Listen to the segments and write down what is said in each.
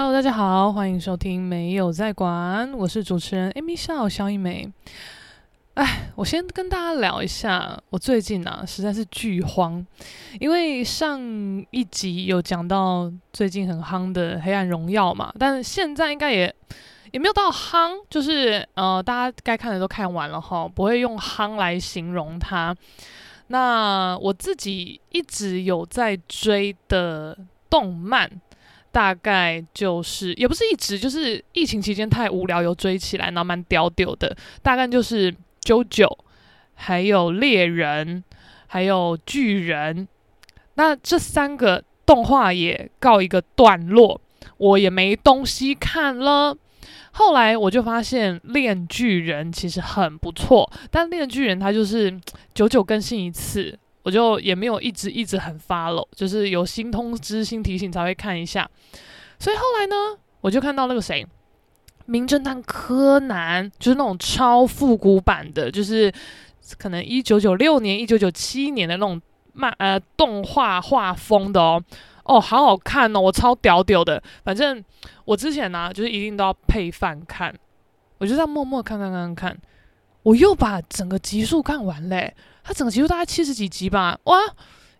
Hello，大家好，歡迎收聽《沒有在管》，我是主持人 Amy Siao 蕭一梅。哎，我先跟大家聊一下，我最近啊實在是巨慌，因為上一集有講到最近很夯的《黑暗榮耀》嘛，但是現在應該也也沒有到夯，就是呃，大家該看的都看完了吼，不會用夯來形容它。那我自己一直有在追的動漫。大概就是，也不是一直，就是疫情期間太無聊，有追起來，然後蠻屌屌的。大概就是《JOJO》、還有《獵人》、還有《巨人》，那這三個動畫也告一個段落，我也沒東西看了。後來我就發現《鏈鋸人》其實很不錯，但《鏈鋸人》它就是久久更新一次。我就也沒有一直一直很 follow，就是有新通知、新提醒才會看一下。所以後來呢，我就看到那個誰，《名偵探柯南》，就是那種超復古版的，就是可能一九九六年、一九九七年的那種漫呃動畫畫風的哦哦，好好看哦，我超屌屌的。反正我之前呢、啊，就是一定都要配飯看，我就在默默看看看看看，我又把整個集數看完嘞、欸。它整個集數大概七十幾集吧，哇，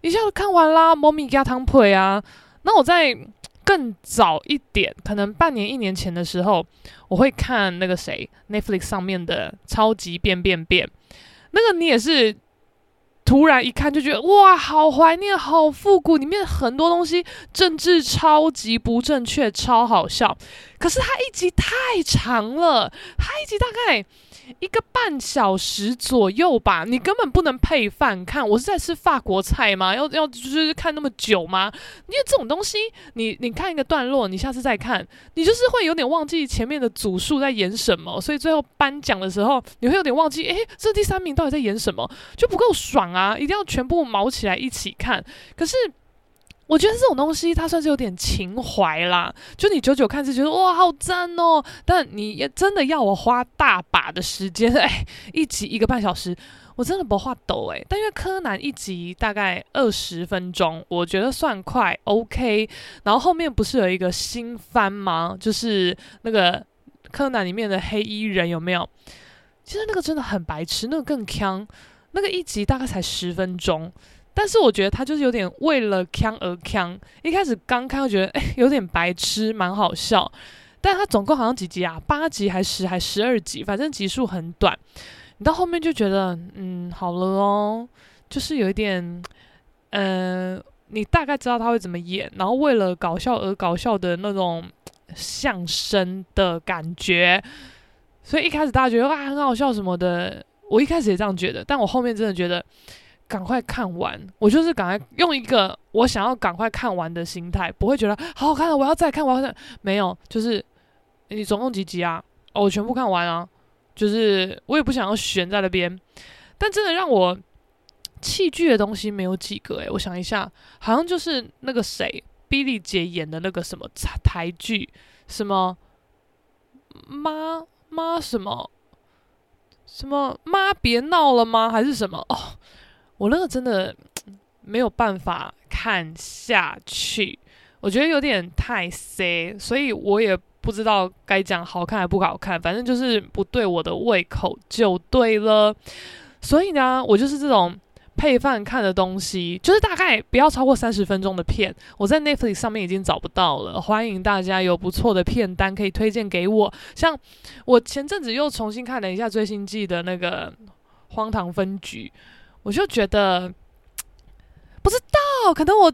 一下子看完啦！《貓咪加湯普》啊，那我在更早一點，可能半年、一年前的時候，我會看那個誰，Netflix 上面的《超級變變變》。那個你也是突然一看就覺得哇，好懷念，好復古，裡面很多東西政治超級不正確，超好笑，可是它一集太長了，它一集大概。一個半小時左右吧，你根本不能配飯看。我是在吃法國菜嗎？要要就是看那麼久嗎？因為這種東西，你你看一個段落，你下次再看，你就是會有點忘記前面的組數在演什麼，所以最後頒獎的時候，你會有點忘記，誒、欸，這第三名到底在演什麼？就不夠爽啊！一定要全部卯起來一起看。可是。我覺得這種東西它算是有點情懷啦，就你久久看是覺得哇好讚哦、喔，但你也真的要我花大把的時間，哎、欸，一集一個半小時，我真的不畫抖哎。但因為柯南一集大概二十分鐘，我覺得算快，OK。然後後面不是有一個新番嗎？就是那個柯南裡面的黑衣人有沒有？其實那個真的很白痴，那個更坑，那個一集大概才十分鐘。但是我覺得他就是有點為了腔而腔，一開始剛看會覺得哎、欸、有點白痴，蠻好笑，但他總共好像幾集啊，八集還是十還十二集，反正集數很短，你到後面就覺得嗯好了咯、喔，就是有一點，嗯、呃，你大概知道他會怎麼演，然後為了搞笑而搞笑的那種相聲的感覺，所以一開始大家覺得哇、啊、很好笑什麼的，我一開始也這樣覺得，但我後面真的覺得。趕快看完，我就是趕快用一個我想要趕快看完的心態，不會覺得好好看我要再看，我要再沒有，就是你總共幾集啊？哦，我全部看完啊，就是我也不想要懸在那邊。但真的讓我棄劇的東西沒有幾個哎、欸，我想一下，好像就是那個誰，比莉姐演的那個什麼台劇，什麼媽媽什麼什麼媽別鬧了嗎？還是什麼哦？我那個真的沒有辦法看下去，我覺得有點太塞，所以我也不知道該講好看還不好看，反正就是不對我的胃口就對了。所以呢，我就是這種配飯看的東西，就是大概不要超過三十分鐘的片。我在 Netflix 上面已經找不到了，歡迎大家有不錯的片單可以推薦給我。像我前陣子又重新看了一下最新季的那個《荒唐分局》。我就覺得不知道，可能我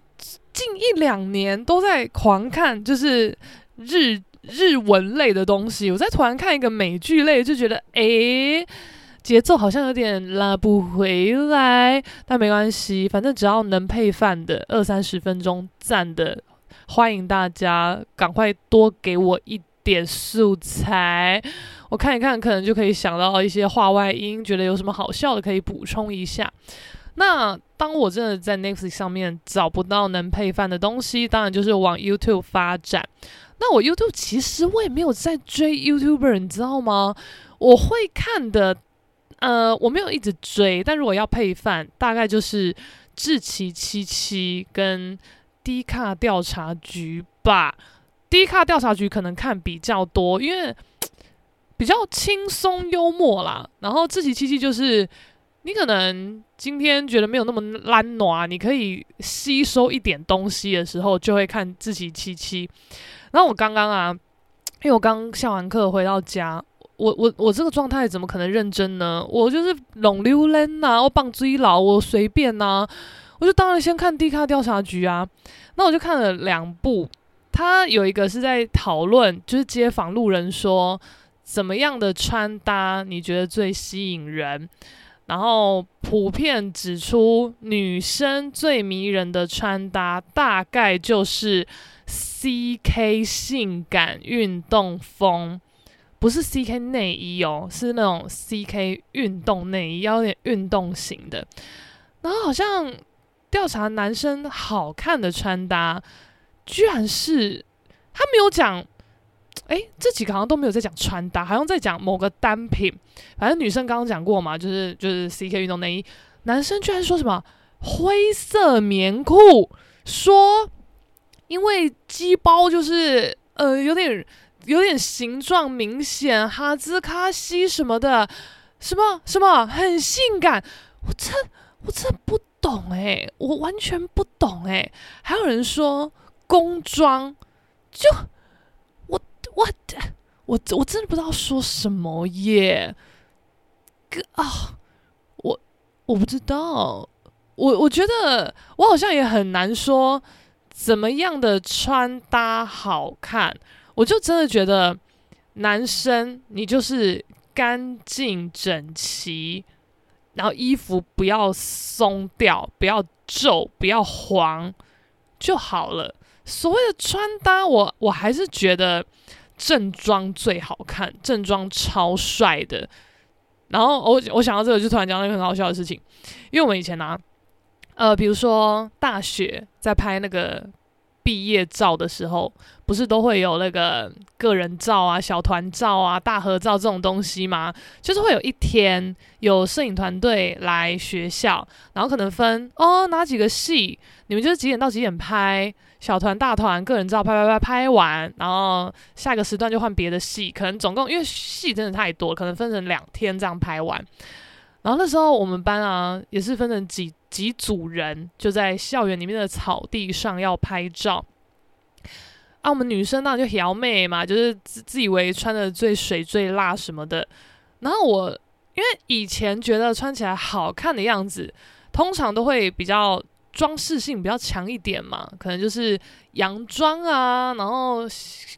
近一兩年都在狂看，就是日日文類的東西。我在突然看一個美劇類，就覺得誒，節奏好像有點拉不回來，但沒關係，反正只要能配飯的二三十分鐘贊的，歡迎大家趕快多給我一。點素材，我看一看，可能就可以想到一些畫外音，覺得有什麼好笑的可以補充一下。那當我真的在 Netflix 上面找不到能配飯的東西，當然就是往 YouTube 發展。那我 YouTube 其實我也沒有在追 YouTuber，你知道嗎？我會看的，呃，我沒有一直追，但如果要配飯，大概就是志祺七七跟 Dcard 調查局吧。低卡調查局可能看比較多，因為比較輕鬆幽默啦。然後志祺七七就是你可能今天覺得沒有那麼拉暖，你可以吸收一點東西的時候，就會看志祺七七。然後我剛剛啊，因為我剛下完課回到家，我我我這個狀態怎麼可能認真呢？我就是龍溜溜吶，我棒追老，我隨便吶、啊。我就當然先看低卡調查局啊，那我就看了兩部。他有一個是在討論，就是街訪路人說怎麼樣的穿搭你覺得最吸引人，然後普遍指出女生最迷人的穿搭大概就是 C K 性感運動風，不是 C K 內衣哦、喔，是那種 C K 運動內衣，要有點運動型的。然後好像調查男生好看的穿搭。居然是他沒有講，哎、欸，這幾個好像都沒有在講穿搭，好像在講某個單品。反正女生剛剛講過嘛，就是就是 CK 運動內衣，男生居然說什麼灰色棉褲，說因為雞包就是呃有點有點形狀明顯，哈茲卡西什麼的什麼什麼很性感，我真我真不懂哎、欸，我完全不懂哎、欸。還有人說。工裝，就我我我我真的不知道說什麼耶！哥啊、哦，我我不知道，我我覺得我好像也很難說怎麼樣的穿搭好看。我就真的覺得男生你就是乾淨整齊，然後衣服不要鬆掉，不要皺，不要黃就好了。所謂的穿搭，我我還是覺得正裝最好看，正裝超帥的。然後我我想到這個，就突然講到一個很好笑的事情，因為我們以前呢、啊，呃，比如說大學在拍那個。畢業照的時候，不是都會有那個個人照啊、小團照啊、大合照這種東西嗎？就是會有一天有攝影團隊來學校，然後可能分哦哪幾個系，你們就幾點到幾點拍小團、大團、個人照，拍拍拍拍完，然後下一個時段就換別的系，可能總共因為系真的太多，可能分成兩天這樣拍完。然後那時候我們班啊，也是分成幾。幾組人就在校園裡面的草地上要拍照啊！我們女生那就很媚嘛，就是自自以為穿的最水、最辣什麼的。然後我因為以前覺得穿起來好看的樣子，通常都會比較裝飾性比較強一點嘛，可能就是洋裝啊，然後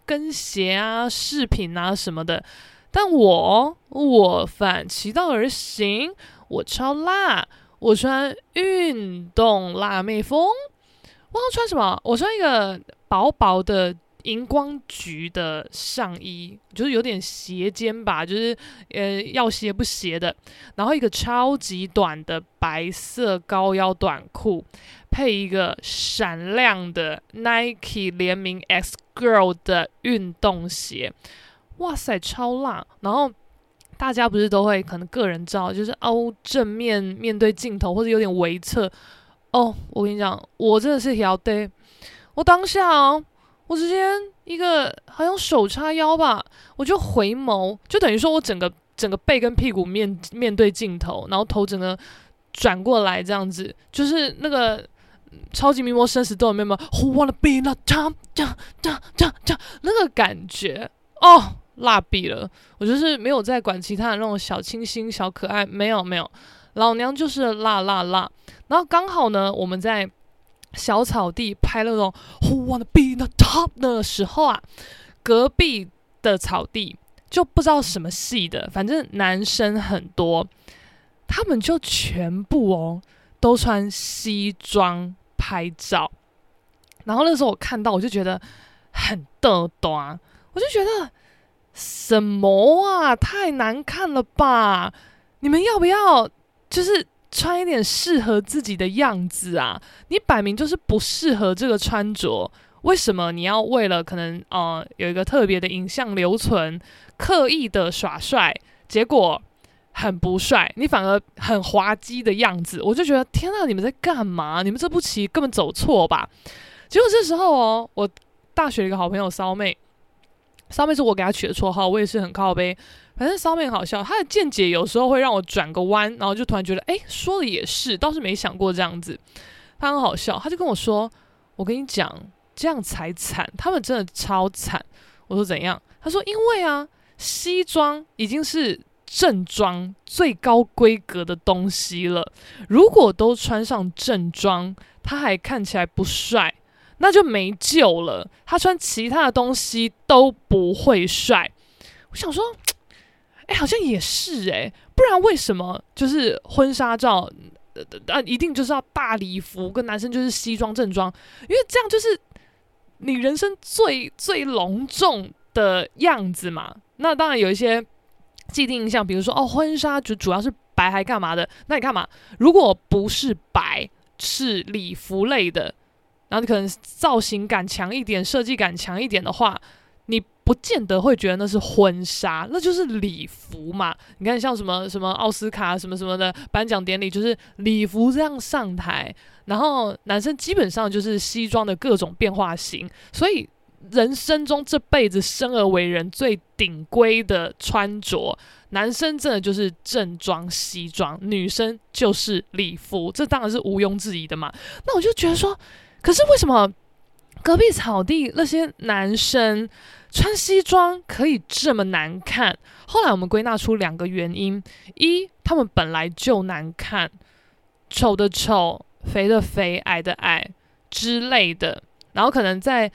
跟鞋啊、飾品啊什麼的。但我我反其道而行，我超辣。我穿運動辣妹風，忘了穿什麼？我穿一個薄薄的熒光橘的上衣，就是有點斜肩吧，就是、呃、要斜不斜的。然後一個超級短的白色高腰短褲，配一個閃亮的 Nike 聯名 X Girl 的運動鞋。哇塞，超辣！然後。大家不是都會可能個人照，就是凹正面面對鏡頭，或者有點微側。哦，我跟你講，我真的是要對，我當下哦，我直接一個好像手叉腰吧，我就回眸，就等於說我整個整個背跟屁股面面對鏡頭，然後頭整個轉過來這樣子，就是那個超級名模生死鬥有沒有？我勒個貝那，這樣這樣這樣這樣那個感覺哦。蠟筆了，我就是沒有在管其他的那種小清新、小可愛，沒有沒有，老娘就是辣辣辣。然後剛好呢，我們在小草地拍那種 “Who wanna be the top” 的時候啊，隔壁的草地就不知道什麼系的，反正男生很多，他們就全部哦、喔、都穿西裝拍照。然後那時候我看到我，我就覺得很逗啊，我就覺得。什麼啊，太難看了吧！你們要不要就是穿一點適合自己的樣子啊？你擺明就是不適合這個穿着，為什麼你要為了可能哦，有一個特別的影像留存，刻意的耍帥，結果很不帥，你反而很滑稽的樣子，我就覺得天哪，你們在幹嘛？你們這步棋根本走錯吧？結果這時候哦，我大學一個好朋友騷妹。燒面是我給他取的綽號，我也是很靠杯。反正燒面很好笑，他的見解有時候會讓我轉個彎，然後就突然覺得，誒、欸，說的也是，倒是沒想過這樣子。他很好笑，他就跟我說：“我跟你講，這樣才慘，他們真的超慘。”我說：“怎樣？”他說：“因為啊，西裝已經是正裝最高規格的東西了，如果都穿上正裝，他還看起來不帥。”那就沒救了。他穿其他的東西都不會帥。我想說，哎、欸，好像也是哎、欸，不然為什麼就是婚紗照呃、啊，一定就是要大禮服跟男生就是西裝正裝，因為這樣就是你人生最最隆重的樣子嘛。那當然有一些既定印象，比如說哦，婚紗就主要是白還幹嘛的？那你幹嘛？如果不是白，是禮服類的。然後你可能造型感強一點，設計感強一點的話，你不見得會覺得那是婚紗，那就是禮服嘛。你看像什麼什麼奧斯卡什麼什麼的頒獎典禮，就是禮服這樣上台。然後男生基本上就是西裝的各種變化型，所以人生中這輩子生而為人最頂規的穿着，男生真的就是正裝西裝，女生就是禮服，這當然是毋庸置疑的嘛。那我就覺得說。可是為什麼隔壁草地那些男生穿西裝可以這麼難看？後來我們歸納出兩個原因：一，他們本來就難看，醜的醜，肥的肥，矮的矮之類的；然後可能在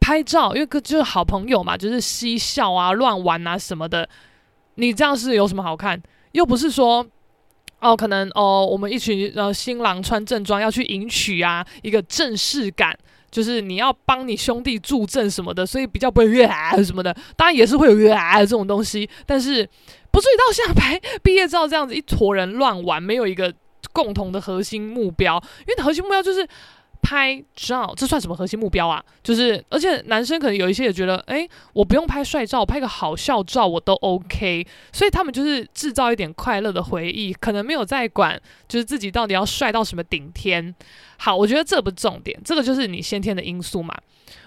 拍照，因為個就是好朋友嘛，就是嬉笑啊、亂玩啊什麼的。你這樣是有什麼好看？又不是說。哦、呃，可能哦、呃，我們一群呃新郎穿正裝要去迎娶啊，一個正式感，就是你要幫你兄弟助陣什麼的，所以比較不會越來啊什麼的，當然也是會有越來啊這種東西，但是不至於到像拍畢業照這樣子一坨人亂玩，沒有一個共同的核心目標，因為核心目標就是。拍照這算什麼核心目標啊？就是，而且男生可能有一些也覺得，誒、欸，我不用拍帥照，我拍個好笑照我都 OK。所以他們就是製造一點快樂的回憶，可能沒有在管，就是自己到底要帥到什麼頂天。好，我覺得這不重點，這個就是你先天的因素嘛。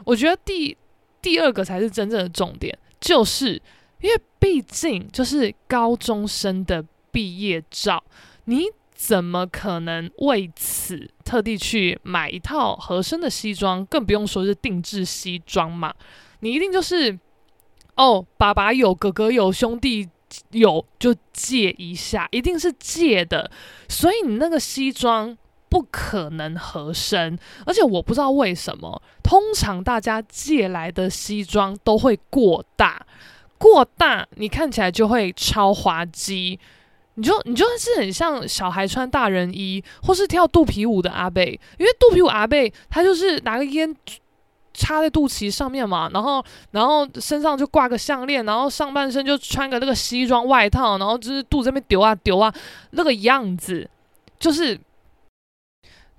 我覺得第第二個才是真正的重點，就是因為畢竟就是高中生的畢業照，你。怎麼可能為此特地去買一套合身的西裝，更不用說是定製西裝嘛？你一定就是哦，爸爸有，哥哥有，兄弟有，就借一下，一定是借的。所以你那個西裝不可能合身，而且我不知道為什麼，通常大家借來的西裝都會過大，過大，你看起來就會超滑稽。你就你就是很像小孩穿大人衣，或是跳肚皮舞的阿伯，因為肚皮舞阿伯他就是拿個煙插在肚臍上面嘛，然後然後身上就掛個項鏈然後上半身就穿個那個西裝外套，然後就是肚子那邊丟啊丟啊，那個樣子就是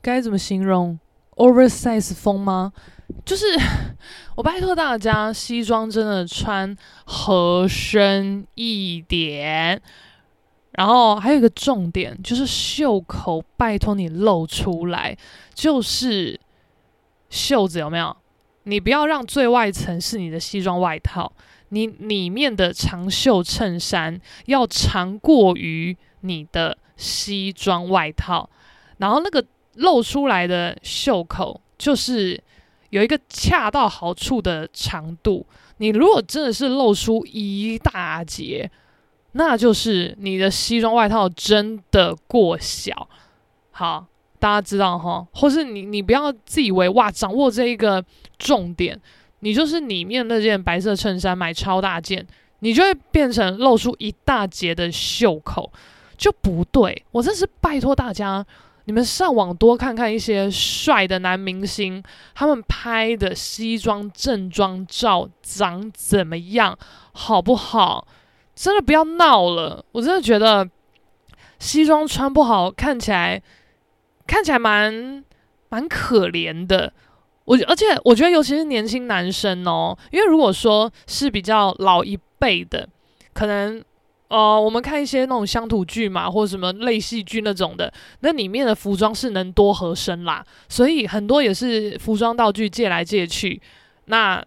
該怎麼形容 oversize 風嗎？就是我拜托大家，西裝真的穿合身一點。然後還有一個重點，就是袖口，拜托你露出來，就是袖子有沒有？你不要讓最外層是你的西裝外套，你裡面的長袖襯衫要長過於你的西裝外套，然後那個露出來的袖口就是有一個恰到好處的長度。你如果真的是露出一大截。那就是你的西裝外套真的過小，好，大家知道哈，或是你你不要自以為哇掌握這一個重點，你就是裡面那件白色襯衫買超大件，你就會變成露出一大截的袖口，就不對。我這是拜託大家，你們上網多看看一些帥的男明星，他們拍的西裝正裝照長怎麼樣，好不好？真的不要鬧了！我真的覺得西裝穿不好，看起來看起來蠻蠻可憐的。我而且我覺得，尤其是年輕男生哦、喔，因為如果說是比較老一輩的，可能呃，我們看一些那種鄉土劇嘛，或什麼類戲劇那種的，那裡面的服裝是能多合身啦，所以很多也是服裝道具借來借去。那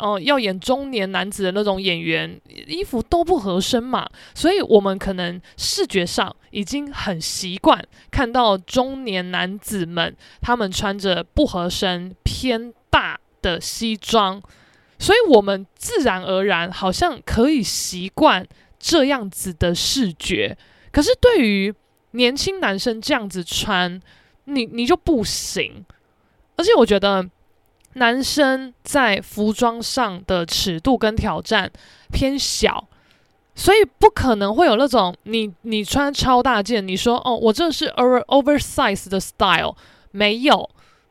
哦、呃，要演中年男子的那種演員，衣服都不合身嘛，所以我們可能視覺上已經很習慣看到中年男子們他們穿着不合身、偏大的西裝，所以我們自然而然好像可以習慣這樣子的視覺。可是對於年輕男生這樣子穿，你你就不行，而且我覺得。男生在服裝上的尺度跟挑戰偏小，所以不可能會有那種你你穿超大件，你說哦我這是 over oversize 的 style，沒有，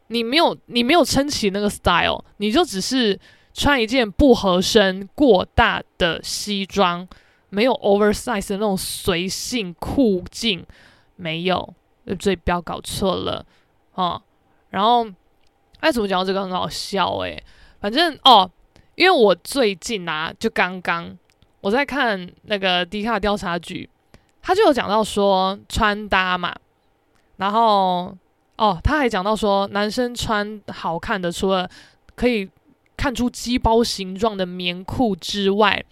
你沒有你沒有撐起那個 style，你就只是穿一件不合身過大的西裝，沒有 oversize 的那種隨性酷勁，沒有，所以不要搞錯了哦。然後。哎，怎麼講到這個很好笑哎、欸？反正哦，因為我最近啊，就剛剛我在看那個《迪卡調查局》，他就有講到說穿搭嘛。然後哦，他還講到說，男生穿好看的，除了可以看出雞包形狀的棉褲之外，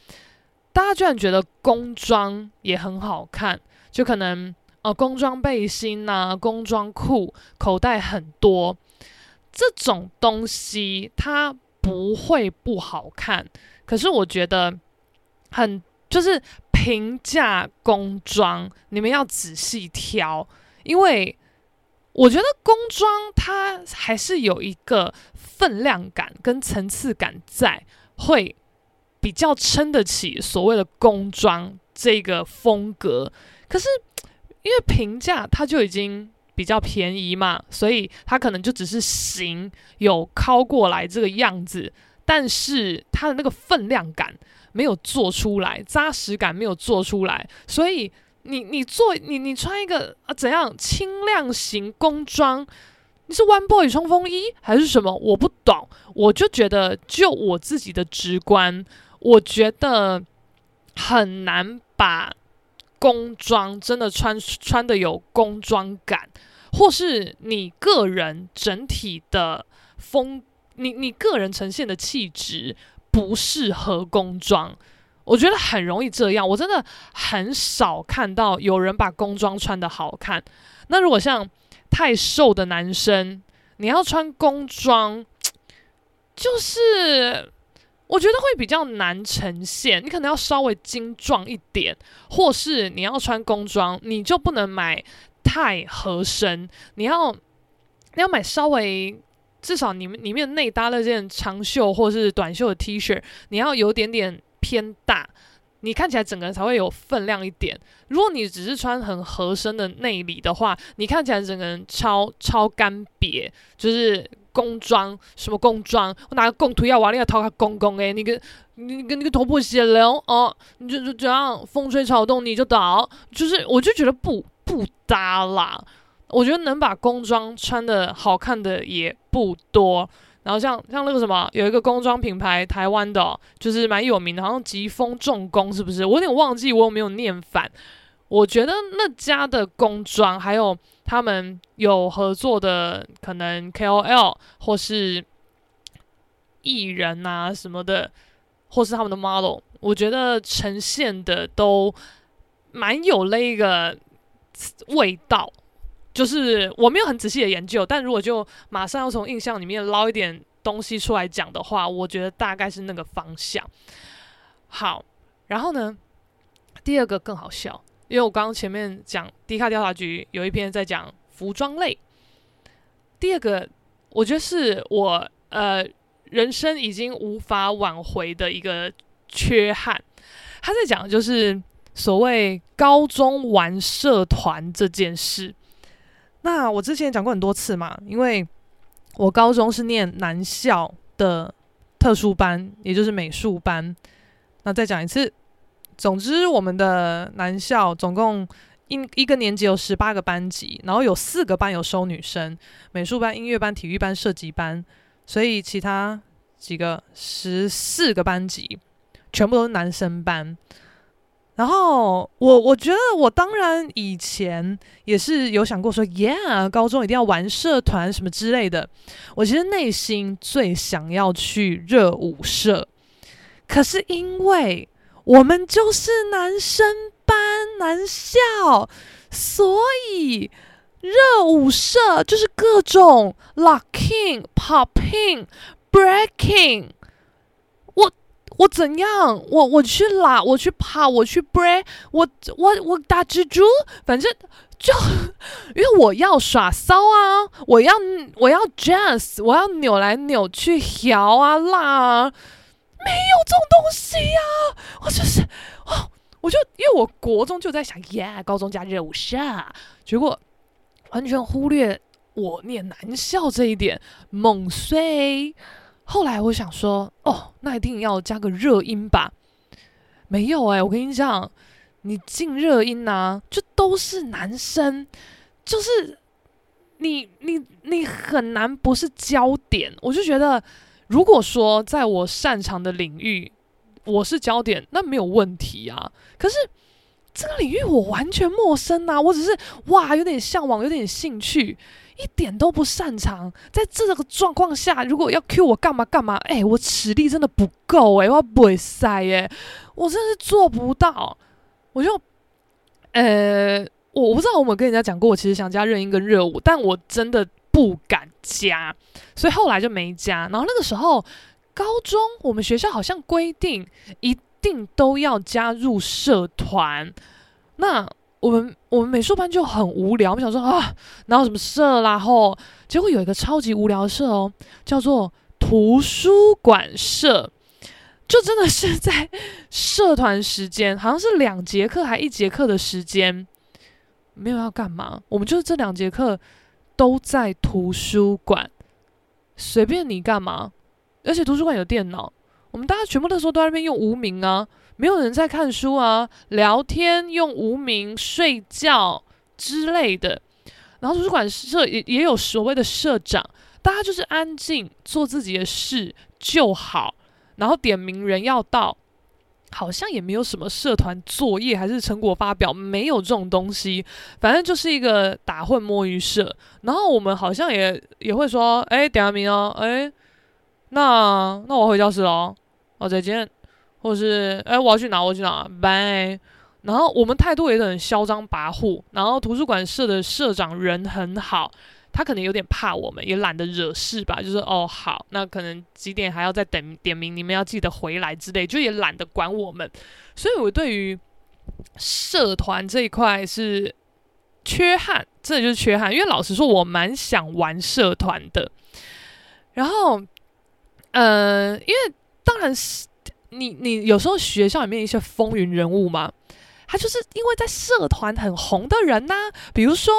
大家居然覺得工裝也很好看，就可能哦、呃，工裝背心吶、啊，工裝褲口袋很多。這種東西它不會不好看，可是我覺得很就是平價工裝，你們要仔細挑，因為我覺得工裝它還是有一個分量感跟層次感在，會比較撐得起所謂的工裝這個風格。可是因為平價，它就已經。比較便宜嘛，所以它可能就只是型有靠過來這個樣子，但是它的那個分量感沒有做出來，紮實感沒有做出來，所以你你做你你穿一個啊怎樣輕量型工裝，你是 One Boy 衝鋒衣還是什麼？我不懂，我就覺得就我自己的直觀，我覺得很難把。工裝真的穿穿得有工裝感，或是你個人整體的風，你你個人呈現的氣質不適合工裝，我覺得很容易這樣。我真的很少看到有人把工裝穿得好看。那如果像太瘦的男生，你要穿工裝，就是。我覺得會比較難呈現，你可能要稍微精壯一點，或是你要穿工裝，你就不能買太合身。你要你要買稍微至少你裡面內搭了件長袖或是短袖的 T 恤，你要有點點偏大，你看起來整個人才會有分量一點。如果你只是穿很合身的內裡的話，你看起來整個人超超乾癟，就是。工裝什麼工裝？我拿個工圖要瓦力要掏他公公哎，你個你跟那個頭破血流哦，你就，就這樣風吹草動你就倒，就是我就覺得不不搭啦。我覺得能把工裝穿得好看的也不多，然後像像那個什麼，有一個工裝品牌，台灣的、哦、就是蠻有名的，好像疾風重工是不是？我有點忘記我有沒有念反。我覺得那家的工裝，還有他們有合作的可能 KOL 或是藝人啊什麼的，或是他們的 model，我覺得呈現的都蠻有那個味道。就是我沒有很仔細的研究，但如果就馬上要從印象裡面撈一點東西出來講的話，我覺得大概是那個方向。好，然後呢，第二個更好笑。因為我剛剛前面講 D 卡調查局有一篇在講服裝類，第二個我覺得是我呃人生已經無法挽回的一個缺憾，他在講的就是所謂高中玩社團這件事。那我之前也講過很多次嘛，因為我高中是念男校的特殊班，也就是美術班。那再講一次。總之，我們的男校總共一一個年級有十八個班級，然後有四個班有收女生，美術班、音樂班、體育班、設計班，所以其他幾個十四個班級全部都是男生班。然後我我覺得我當然以前也是有想過說，耶，高中一定要玩社團什麼之類的。我其實內心最想要去熱舞社，可是因為。我們就是男生班男校，所以熱舞社就是各種 locking、popping、breaking。我我怎樣？我我去拉，我去跑，我去 break，我我我打蜘蛛，反正就因為我要耍騷啊，我要我要 jazz，我要扭來扭去，搖啊浪啊。沒有這種東西啊，我就是哦，我就因為我國中就在想，耶、yeah,，高中加熱舞社、啊，結果完全忽略我念男校這一點，猛衰。後來我想說，哦，那一定要加個熱音吧？沒有哎、欸！我跟你講，你進熱音啊，就都是男生，就是你你你很難不是焦點，我就覺得。如果說在我擅長的領域我是焦點，那沒有問題啊。可是這個領域我完全陌生吶、啊，我只是哇有點嚮往，有點興趣，一點都不擅長。在這個狀況下，如果要 cue 我幹嘛幹嘛，哎、欸，我實力真的不夠哎、欸，我不會塞哎，我真的是做不到。我就呃，我不知道我有沒有跟人家講過，我其實想加熱音跟熱舞，但我真的不敢。加，所以後來就沒加。然後那個時候，高中我們學校好像規定，一定都要加入社團。那我們我們美術班就很無聊，我們想說啊，然後什麼社啦，然後結果有一個超級無聊的社哦、喔，叫做圖書館社，就真的是在社團時間，好像是兩節課還一節課的時間，沒有要幹嘛，我們就是這兩節課。都在圖書館，隨便你幹嘛，而且圖書館有電腦，我們大家全部那時候都在那邊用無名啊，沒有人在看書啊，聊天用無名，睡覺之類的。然後圖書館社也也有所謂的社長，大家就是安靜做自己的事就好，然後點名人要到。好像也沒有什麼社團作業還是成果發表，沒有這種東西。反正就是一個打混摸魚社。然後我們好像也也會說，哎、欸，點下名哦、喔，哎、欸，那那我回教室了哦，再見，或者是哎、欸，我要去哪？我要去哪？拜。然後我們態度也很囂張跋扈。然後圖書館社的社長人很好。他可能有點怕我們，也懶得惹事吧，就是哦，好，那可能幾點還要再等點名，你們要記得回來之類，就也懶得管我們。所以，我對於社團這一塊是缺憾，這就是缺憾。因為老實說，我蠻想玩社團的。然後，呃，因為當然是你，你有時候學校裡面一些風雲人物嘛，他就是因為在社團很紅的人吶、啊，比如說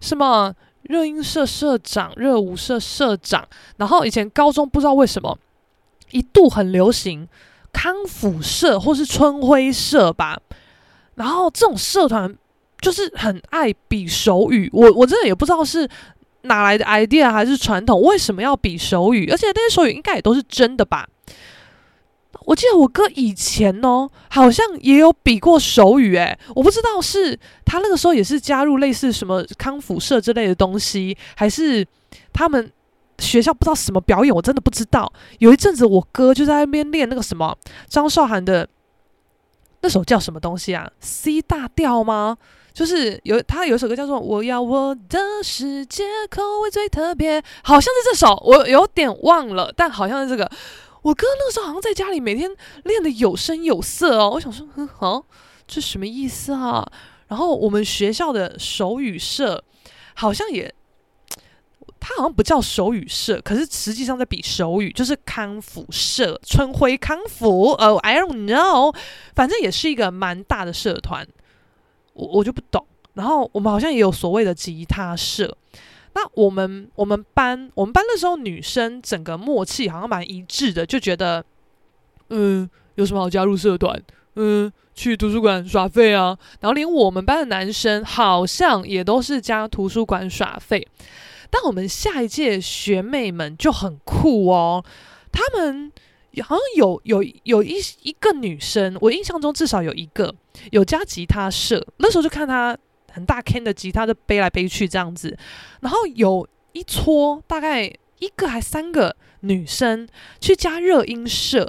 什麼。熱音社社長、熱舞社社長，然後以前高中不知道為什麼一度很流行康復社或是春暉社吧，然後這種社團就是很愛比手語，我我真的也不知道是哪來的 idea 還是傳統，為什麼要比手語？而且那些手語應該也都是真的吧？我記得我哥以前哦，好像也有比過手語誒、欸，我不知道是他那個時候也是加入類似什麼康輔社之類的東西，還是他們學校不知道什麼表演，我真的不知道。有一陣子我哥就在那邊練那個什麼張韶涵的那首叫什麼東西啊？C 大調嗎？就是有他有首歌叫做《我要我的世界口味最特別》，好像是這首，我有點忘了，但好像是這個。我哥那個時候好像在家裡每天練得有聲有色哦，我想說，哼哼、啊，這什麼意思啊？然後我們學校的手語社好像也，他好像不叫手語社，可是實際上在比手語，就是康復社，春暉康復，呃、哦，I don't know，反正也是一個蠻大的社團，我我就不懂。然後我們好像也有所謂的吉他社。那我們我們班我們班那時候女生整個默契好像蠻一致的，就覺得，嗯，有什麼好加入社團？嗯，去圖書館耍廢啊。然後連我們班的男生好像也都是加圖書館耍廢。但我們下一屆學妹們就很酷哦，她們好像有有有，有一一個女生，我印象中至少有一個有加吉他社，那時候就看她。很大坑的吉他就背來背去這樣子，然後有一撮大概一個還三個女生去加熱音社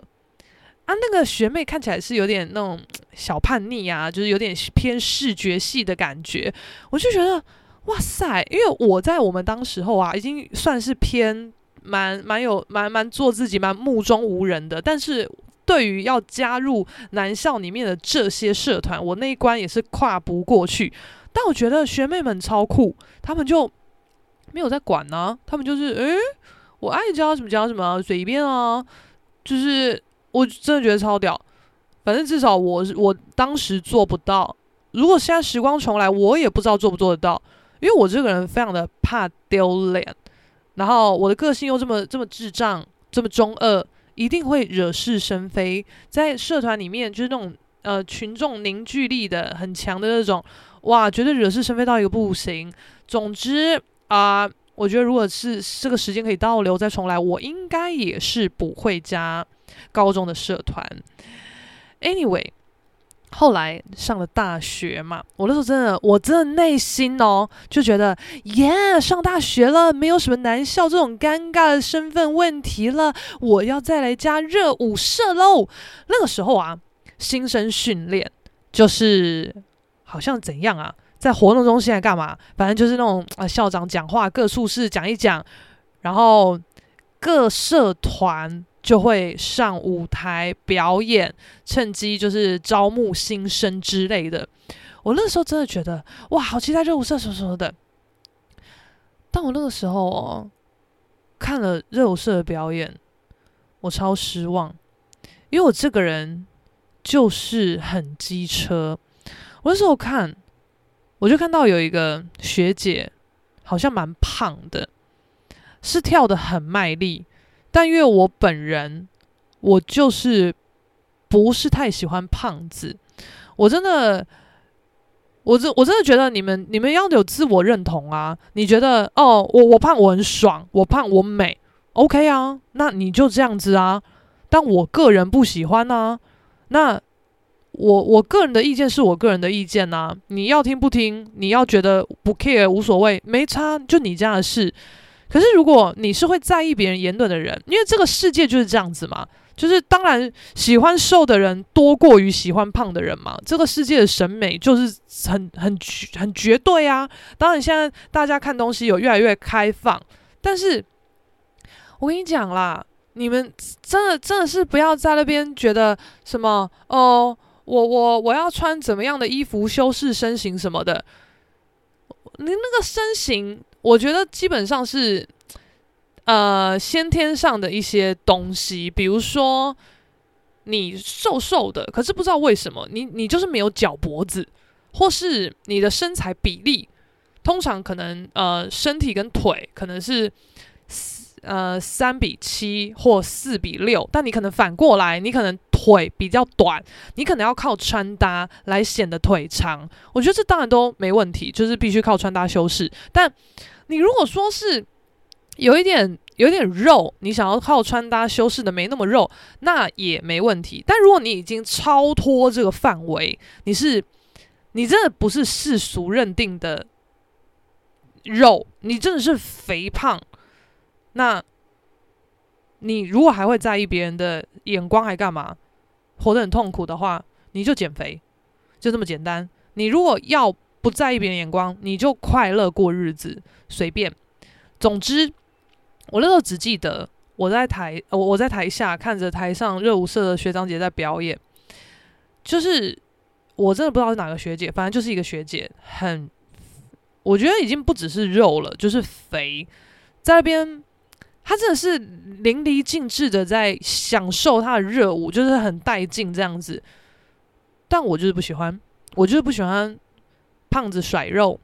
啊，那個學妹看起來是有點那種小叛逆啊，就是有點偏視覺系的感覺。我就覺得哇塞，因為我在我們當時候啊，已經算是偏蠻蠻有蠻蠻做自己蠻目中無人的，但是對於要加入男校裡面的這些社團，我那一關也是跨不過去。但我覺得學妹們超酷，他們就沒有在管呢、啊，他們就是，誒、欸，我愛教什麼教什麼、啊，隨便啊，就是我真的覺得超屌，反正至少我我當時做不到，如果現在時光重來，我也不知道做不做得到，因為我這個人非常的怕丟臉，然後我的個性又這麼這麼智障，這麼中二，一定會惹是生非，在社團裡面就是那種。呃，群眾凝聚力，的很強的那種，哇，絕對惹是生非到一個不行。總之啊、呃，我覺得如果是這個時間可以倒流再重來，我應該也是不會加高中的社團。Anyway，後來上了大學嘛，我那時候真的，我真的內心哦就覺得，耶、Yeah，上大學了，沒有什麼男校這種尷尬的身份問題了，我要再來加熱舞社嘍。那個時候啊。新生訓練就是好像怎樣啊，在活動中心在幹嘛？反正就是那種啊、呃，校長講話，各處室講一講，然後各社團就會上舞台表演，趁機就是招募新生之類的。我那時候真的覺得哇，好期待熱舞社什麼什麼的。但我那個時候哦，看了熱舞社的表演，我超失望，因為我這個人。就是很機車。我那時候看，我就看到有一個學姐，好像蠻胖的，是跳得很賣力。但因為我本人，我就是不是太喜歡胖子。我真的，我真我真的覺得你們你們要有自我認同啊！你覺得哦，我我胖我很爽，我胖我美，OK 啊？那你就這樣子啊？但我個人不喜歡啊。那我我個人的意見是，我個人的意見吶，你要聽不聽，你要覺得不 care 無所謂，沒差，就你這樣的事。可是如果你是會在意別人言論的人，因為這個世界就是這樣子嘛，就是當然喜歡瘦的人多過於喜歡胖的人嘛，這個世界的審美就是很很很絕對啊。當然現在大家看東西有越來越開放，但是我跟你講啦。你們真的真的是不要在那邊覺得什麼哦，我我我要穿怎麼樣的衣服修飾身形什麼的。你那個身形，我覺得基本上是呃先天上的一些東西，比如說你瘦瘦的，可是不知道為什麼你你就是沒有腳脖子，或是你的身材比例，通常可能呃身體跟腿可能是。呃，三比七或四比六，但你可能反過來，你可能腿比較短，你可能要靠穿搭來顯得腿長。我覺得這當然都沒問題，就是必須靠穿搭修飾。但你如果說是有一點有一點肉，你想要靠穿搭修飾的沒那麼肉，那也沒問題。但如果你已經超脫這個範圍，你是你真的不是世俗認定的肉，你真的是肥胖。那你如果還會在意別人的眼光，還幹嘛？活得很痛苦的話，你就減肥，就這麼簡單。你如果要不在意別人眼光，你就快樂過日子，隨便。總之，我那時候只記得我在台，我、呃、我在台下看着台上熱舞社的學長姐在表演，就是我真的不知道是哪個學姐，反正就是一個學姐，很我覺得已經不只是肉了，就是肥，在那邊。他真的是淋漓盡致的在享受他的熱舞，就是很帶勁這樣子。但我就是不喜歡，我就是不喜歡胖子甩肉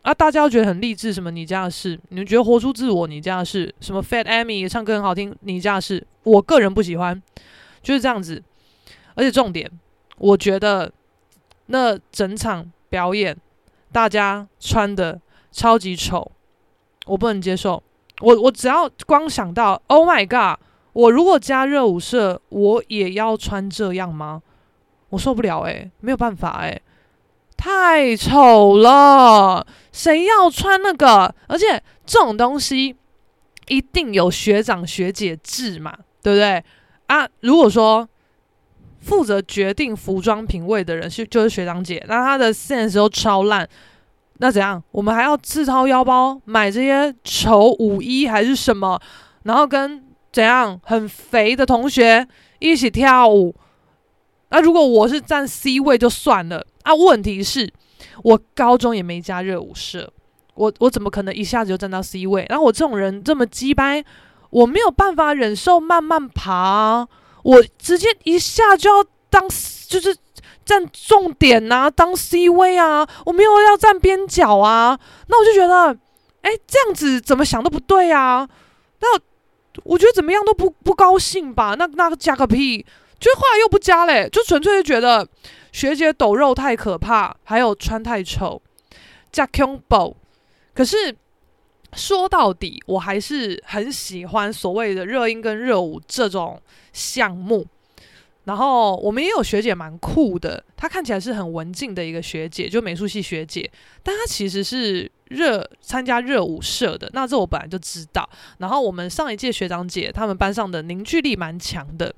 啊！大家都覺得很勵志，什麼你家的事，你們覺得活出自我，你家的事，什麼 Fat Amy 也唱歌很好聽，你家的事，你家的事，我個人不喜歡，就是這樣子。而且重點，我覺得那整場表演大家穿得超級醜，我不能接受。我我只要光想到，Oh my god！我如果加熱舞社，我也要穿這樣嗎？我受不了誒、欸，沒有辦法誒、欸，太醜了！誰要穿那個？而且這種東西一定有學長學姐制嘛，對不對啊？如果說負責決定服裝品味的人是就是學長姐，那他的線 e 都超爛。那怎樣？我們還要自掏腰包買這些醜舞衣還是什麼？然後跟怎樣很肥的同學一起跳舞？那、啊、如果我是站 C 位就算了啊？問題是我高中也沒加熱舞社，我我怎麼可能一下子就站到 C 位？然後我這種人這麼雞掰，我沒有辦法忍受慢慢爬，我直接一下就要當就是。占重點吶、啊，當 C 位啊，我沒有要占邊角啊，那我就覺得，哎、欸，這樣子怎麼想都不對啊。那我，我覺得怎麼樣都不不高興吧，那那個加個屁，就後來又不加嘞、欸，就純粹就覺得學姐抖肉太可怕，還有穿太醜。j a c k y n b o 可是說到底，我還是很喜歡所謂的熱音跟熱舞這種項目。然後我們也有學姐蠻酷的，她看起來是很文靜的一個學姐，就美術系學姐，但她其實是熱參加熱舞社的。那這我本來就知道。然後我們上一屆學長姐他們班上的凝聚力蠻強的，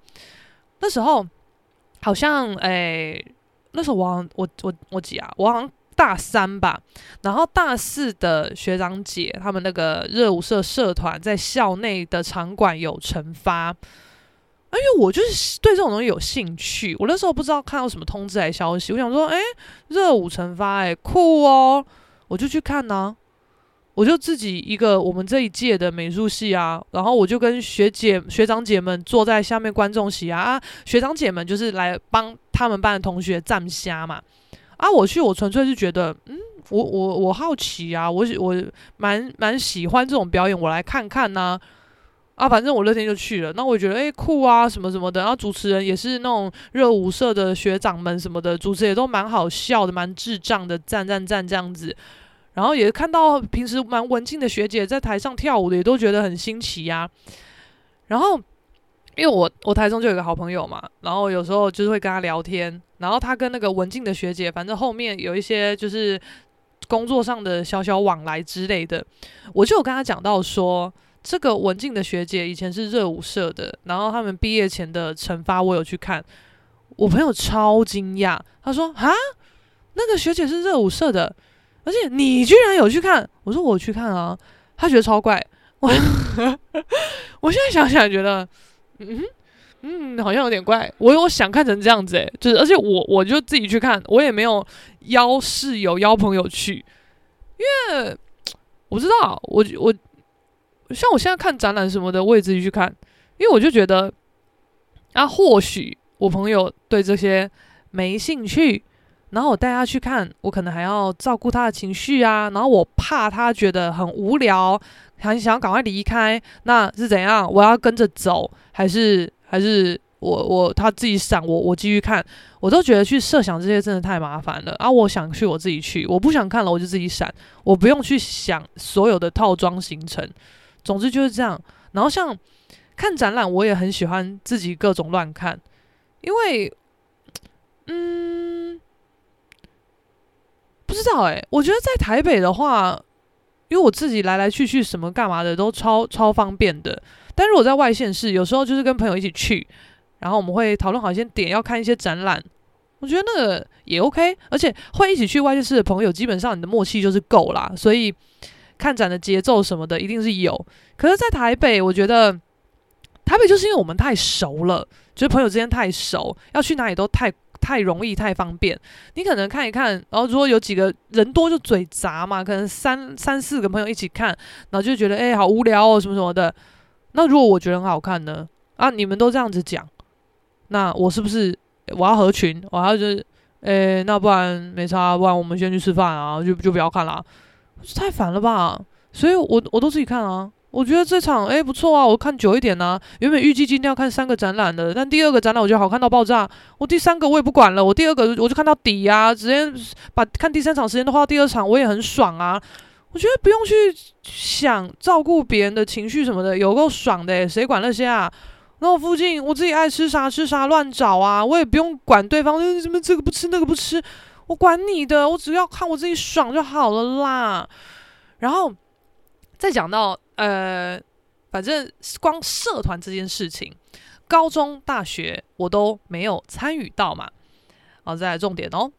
那時候好像哎、欸，那時候我我我我幾啊？我好像大三吧。然後大四的學長姐他們那個熱舞社社團在校內的場館有成發。因為我就是對這種東西有興趣，我那時候不知道看到什麼通知來消息，我想說，哎、欸，熱舞成發、欸，哎，酷哦，我就去看呢、啊。我就自己一個我們這一屆的美術系啊，然後我就跟學姐、學長姐們坐在下面觀眾席啊，啊學長姐們就是來幫他們班的同學站瞎嘛。啊，我去，我純粹是覺得，嗯，我我我好奇啊，我我蠻蠻喜歡這種表演，我來看看呢、啊。啊，反正我那天就去了。那我覺得，欸，酷啊，什麼什麼的。然後主持人也是那種熱舞社的學長們什麼的，主持人也都蠻好笑的，蠻智障的，讚讚讚這樣子。然後也看到平時蠻文靜的學姐在台上跳舞的，也都覺得很新奇呀。然後，因為我我台中就有個好朋友嘛，然後有時候就是會跟她聊天。然後她跟那個文靜的學姐，反正後面有一些就是工作上的小小往來之類的，我就有跟她講到說，這個文靜的學姐以前是熱舞社的，然後他們畢業前的成發我有去看，我朋友超驚訝，他說啊，那個學姐是熱舞社的，而且你居然有去看，我說我去看啊，他覺得超怪，我， 我現在想想覺得，嗯嗯，好像有點怪，我有想看成這樣子誒、欸，就是而且我我就自己去看，我也沒有邀室友邀朋友去，因為我不知道我我。我像我現在看展覽什麼的，我也自己去看，因為我就覺得，啊，或許我朋友對這些沒興趣，然後我帶他去看，我可能還要照顧他的情緒啊，然後我怕他覺得很無聊，還想要趕快離開，那是怎樣？我要跟着走，還是還是我我他自己閃，我我繼續看，我都覺得去設想這些真的太麻煩了。啊，我想去我自己去，我不想看了我就自己閃，我不用去想所有的套裝行程。總之就是這樣。然後像看展覽，我也很喜歡自己各種亂看，因為，嗯，不知道哎。我覺得在台北的話，因為我自己來來去去什麼幹嘛的都超超方便的。但如果在外縣市，有時候就是跟朋友一起去，然後我們會討論好一些點要看一些展覽，我覺得那個也 OK。而且會一起去外縣市的朋友，基本上你的默契就是夠啦，所以。看展的節奏什麼的一定是有，可是，在台北，我覺得台北就是因為我們太熟了，就是朋友之間太熟，要去哪裡都太太容易，太方便。你可能看一看，然後如果有幾個人多就嘴雜嘛，可能三三四個朋友一起看，然後就覺得欸，好無聊哦，什麼什麼的。那如果我覺得很好看呢？啊，你們都這樣子講，那我是不是我要合群？我要就是欸，那不然沒差，不然我們先去吃飯啊，就就不要看了。太煩了吧，所以我我都自己看啊。我覺得這場誒、欸、不錯啊，我看久一點呢、啊。原本預計今天要看三個展覽的，但第二個展覽我覺得好看到爆炸，我第三個我也不管了，我第二個我就看到底呀、啊，直接把看第三場時間都花到第二場，我也很爽啊。我覺得不用去想照顧別人的情緒什麼的，有夠爽的、欸，誰管那些啊？那我附近我自己愛吃啥吃啥，亂找啊，我也不用管對方那什麼這個不吃那個不吃。我管你的，我只要看我自己爽就好了啦。然後再講到呃，反正光社團這件事情，高中、大學我都沒有參與到嘛。好、啊，再來重點哦。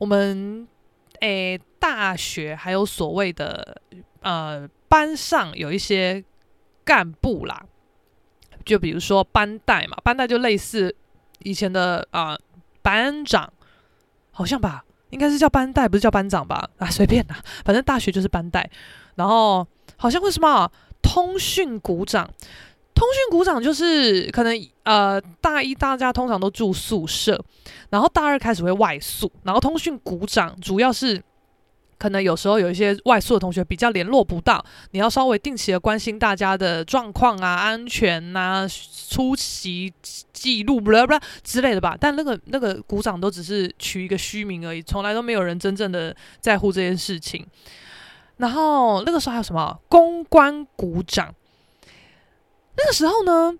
我們誒、呃，大學還有所謂的呃班上有一些幹部啦，就比如說班代嘛，班代就類似以前的啊、呃、班長。好像吧，應該是叫班代，不是叫班長吧？啊，隨便啦，反正大學就是班代，然後好像會什麼、啊、通訊股長，通訊股長就是可能呃，大一大家通常都住宿舍，然後大二開始會外宿，然後通訊股長主要是。可能有時候有一些外宿的同學比較聯絡不到，你要稍微定期的關心大家的狀況啊、安全啊、出席記錄、bla bla 之類的吧。但那個那個股長都只是取一個虛名而已，從來都沒有人真正的在乎這件事情。然後那個時候還有什麼公關股長？那個時候呢，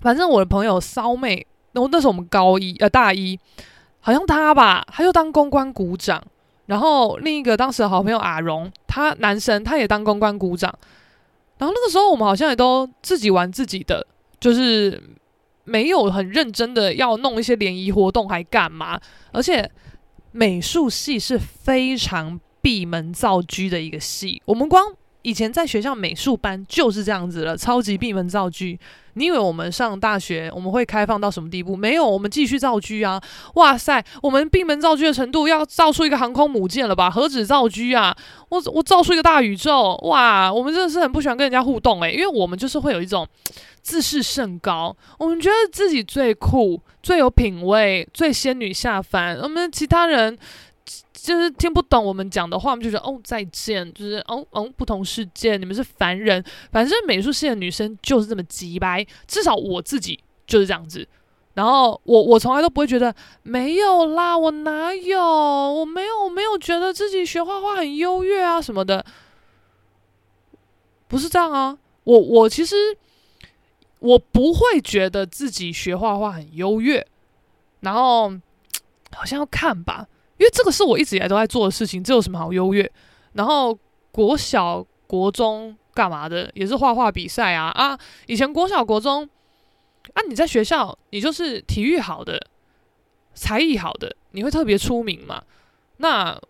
反正我的朋友騷妹，然後那時候我們高一呃大一，好像她吧，她就當公關股長。然後另一個當時的好朋友阿榮，他男生，他也當公關股長。然後那個時候我們好像也都自己玩自己的，就是沒有很認真的要弄一些聯誼活動，還幹嘛？而且美術系是非常閉門造車的一個系，我們光。以前在學校美術班就是這樣子了，超級閉門造車。你以為我們上大學我們會開放到什麼地步？沒有，我們繼續造車啊！哇塞，我們閉門造車的程度要造出一個航空母艦了吧？何止造車啊！我我造出一個大宇宙！哇，我們真的是很不喜歡跟人家互動誒、欸，因為我們就是會有一種自視甚高，我們覺得自己最酷、最有品味、最仙女下凡，我們其他人，就是聽不懂我們講的話，我們就覺得哦，再見，就是哦哦、嗯嗯，不同世界，你們是凡人。反正美術系的女生就是這麼機掰，至少我自己就是這樣子。然後我我從來都不會覺得沒有啦，我哪有？我沒有，我沒有覺得自己學畫畫很優越啊什麼的，不是這樣啊。我我其實我不會覺得自己學畫畫很優越，然後好像要看吧。因為這個是我一直以來都在做的事情，這有什麼好優越？然後國小、國中幹嘛的也是畫畫比賽啊。啊，以前國小、國中啊，你在學校你就是體育好的、才藝好的，你會特別出名嘛。那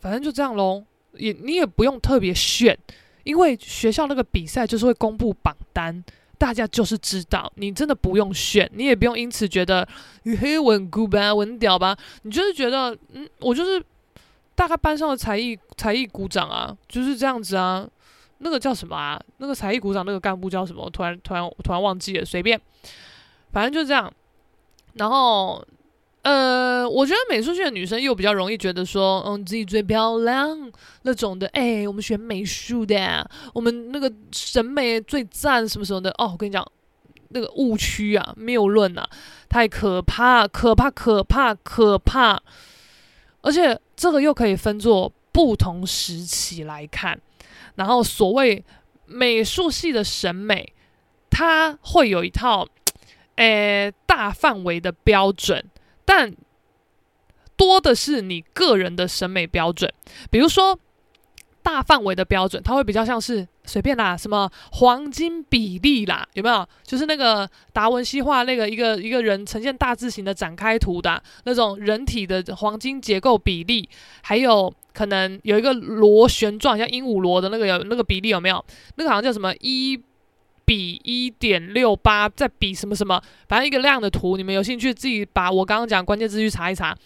反正就這樣嘍，也你也不用特別炫，因為學校那個比賽就是會公布榜單。大家就是知道，你真的不用炫，你也不用因此覺得你很穩固吧、很屌吧，你就是覺得，嗯，我就是大概班上的才藝才藝股長啊，就是這樣子啊，那個叫什麼啊？那個才藝股長那個幹部叫什麼？我突然突然突然忘記了，隨便，反正就是這樣，然後。呃，我覺得美術系的女生又比較容易覺得說，嗯、哦，自己最漂亮那種的。哎，我們學美術的，我們那個審美最讚，什麼什麼的。哦，我跟你講，那個誤區啊，謬論啊，太可怕，可怕，可怕，可怕！而且這個又可以分作不同時期來看。然後，所謂美術系的審美，它會有一套，誒、呃，大範圍的標準。但多的是你個人的審美標準，比如說大範圍的標準，它會比較像是隨便啦，什麼黃金比例啦，有沒有？就是那個達文西畫那個一個一個人呈現大字形的展開圖的、啊、那種人體的黃金結構比例，還有可能有一個螺旋狀，像鸚鵡螺的那個，有那個比例有沒有？那個好像叫什麼一。1> 比一點六八，再比什麼什麼，反正一個量的圖，你們有興趣自己把我剛剛講關鍵字去查一查，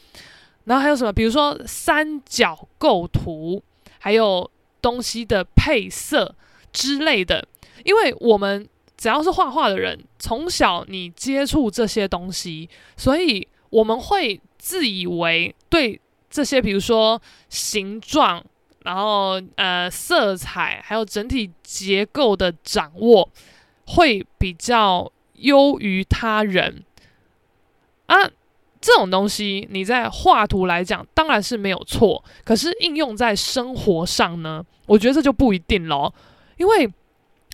然後還有什麼，比如說三角構圖，還有東西的配色之類的，因為我們只要是畫畫的人，從小你接觸這些東西，所以我們會自以為對這些，比如說形狀。然後，呃，色彩，還有整體結構的掌握會比較優於他人啊。這種東西你在畫圖來講當然是沒有錯，可是應用在生活上呢，我覺得這就不一定咯，因為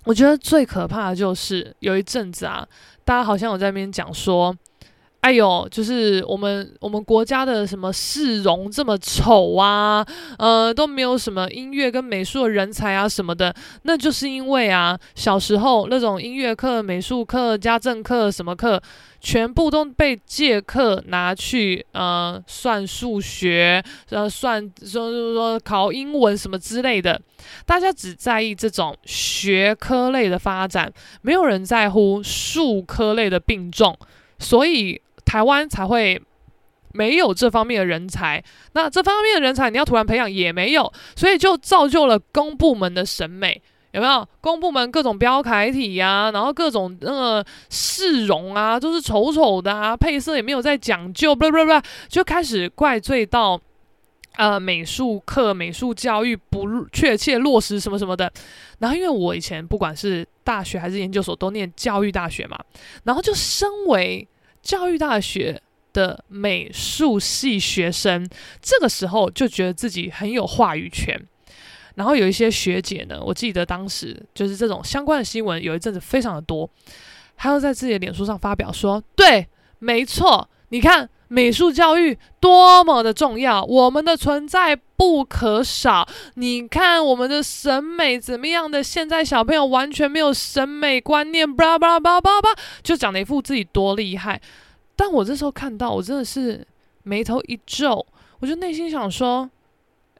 我覺得最可怕的就是有一陣子啊，大家好像有在那邊講說。哎呦，就是我們我們國家的什麼市容這麼醜啊？呃，都沒有什麼音樂跟美術的人才啊什麼的，那就是因為啊，小時候那種音樂課、美術課、家政課什麼課，全部都被借課拿去呃算數學，呃、啊、算說就是說考英文什麼之類的，大家只在意這種學科類的發展，沒有人在乎術科類的並重，所以。台灣才會沒有這方面的人才，那這方面的人才你要突然培養也沒有，所以就造就了公部門的審美有沒有？公部門各種標楷體呀、啊，然後各種那個市容啊，都、就是丑丑的啊，配色也沒有在講究，不不不，就開始怪罪到呃美術課、美術教育不確切落實什麼什麼的。然後因為我以前不管是大學還是研究所都念教育大學嘛，然後就身為。教育大學的美術系學生，這個時候就覺得自己很有話語權。然後有一些學姐呢，我記得當時就是這種相關的新聞，有一陣子非常的多，她就在自己的臉書上發表說：“對，沒錯，你看。”美術教育多麼的重要，我們的存在不可少。你看我們的審美怎麼樣的？現在小朋友完全沒有審美觀念，叭叭叭叭叭，就講了一副自己多厲害。但我這時候看到，我真的是眉頭一皺，我就內心想說，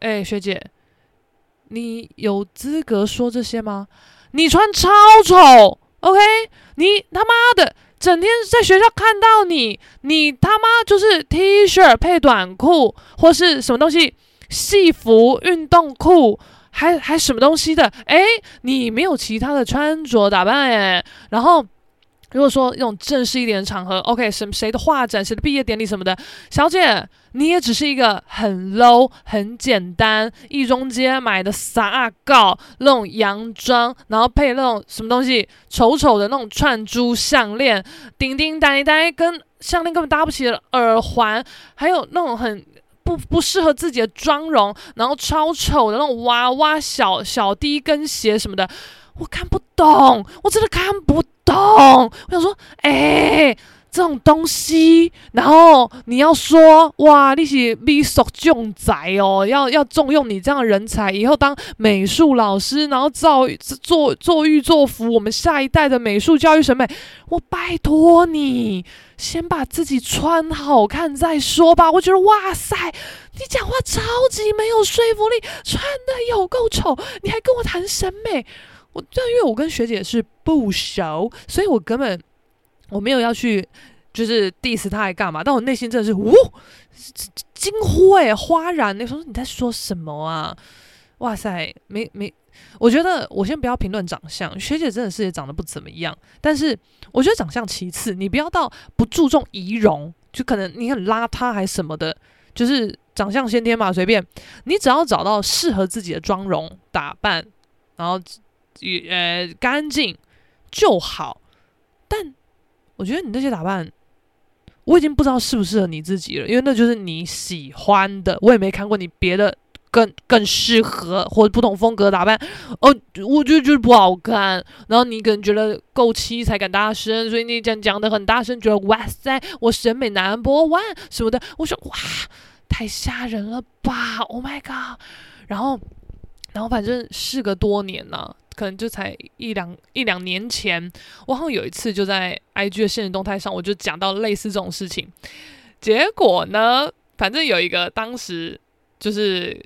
哎，學姐，你有資格說這些嗎？你穿超醜，OK？你他媽的！整天在學校看到你，你他媽就是 T 恤配短褲，或是什麼東西，戲服、運動褲，還還什麼東西的？哎、欸，你沒有其他的穿着打扮，哎，然後。如果說那種正式一點的場合，OK，什麼誰的畫展，誰的畢業典禮什麼的，小姐，你也只是一個很 low、很簡單，一中街買的撒告，那種洋裝，然後配那種什麼東西，醜醜的那種串珠項鏈，叮叮噹噹，跟項鏈根本搭不起的耳環，還有那種很不不適合自己的妝容，然後超醜的那種娃娃小小低跟鞋什麼的，我看不懂，我真的看不懂。懂，我想說，哎、欸，這種東西，然後你要說，哇，你是美術重才哦，要要重用你這樣的人才，以後當美術老師，然後造作作育作福我們下一代的美術教育審美。我拜託你，先把自己穿好看再說吧。我覺得，哇塞，你講話超級沒有說服力，穿的有夠醜，你還跟我談審美。我但因為我跟學姐是不熟，所以我根本我沒有要去就是 diss 她還幹嘛，但我內心真的是嗚驚呼誒、欸，嘩然、欸，你說你在說什麼啊？哇塞，沒沒，我覺得我先不要評論長相，學姐真的是也長得不怎麼樣，但是我覺得長相其次，你不要到不注重儀容，就可能你很邋遢還什麼的，就是長相先天嘛，隨便，你只要找到適合自己的妝容打扮，然後。也呃，乾淨就好，但我覺得你那些打扮，我已經不知道適不適合你自己了，因為那就是你喜歡的，我也沒看過你別的更更適合或者不同風格的打扮。哦、呃，我就覺得就不好看。然後你可能覺得夠氣才敢大聲，所以你講講的很大聲，覺得哇塞，我審美 number one 什麼的。我說哇，太嚇人了吧！Oh my god！然後，然後反正事隔多年了、啊。可能就才一兩一兩年前，我好像有一次就在 IG 的限時動態上，我就講到類似這種事情。結果呢，反正有一個當時就是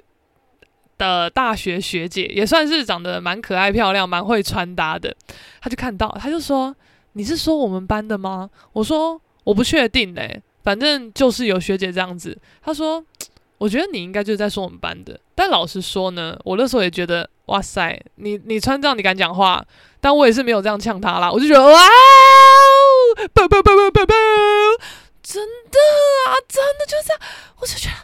的大學學姐，也算是長得蠻可愛、漂亮、蠻會穿搭的，她就看到，她就說：“你是說我們班的嗎？”我說：“我不確定嘞、欸，反正就是有學姐這樣子。”她說。我覺得你應該就是在說我們班的，但老實說呢，我那時候也覺得，哇塞，你你穿這樣你敢講話？但我也是沒有這樣嗆他啦，我就覺得，哇哦，啵啵啵啵啵，真的啊，真的就是這樣，我就覺得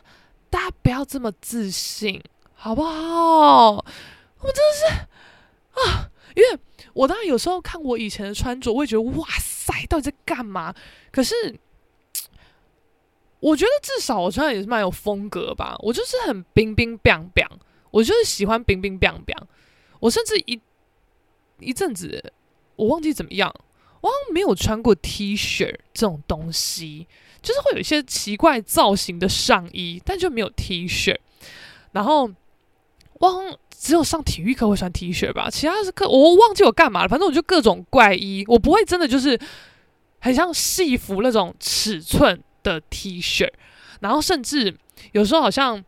大家不要這麼自信，好不好？我真的是啊，因為我當然有時候看我以前的穿着，我也覺得，哇塞，到底在幹嘛？可是。我覺得至少我穿也是蠻有風格吧。我就是很冰冰 biang biang，我就是喜歡冰冰 biang biang。我甚至一一陣子我忘記怎麼樣，我好像沒有穿過 T 恤這種東西，就是會有一些奇怪造型的上衣，但就沒有 T 恤。然後我好像只有上體育課會穿 T 恤吧，其他課我忘記我幹嘛了。反正我就各種怪衣，我不會真的就是很像戲服那種尺寸的 T 恤，shirt, 然後甚至有時候好像，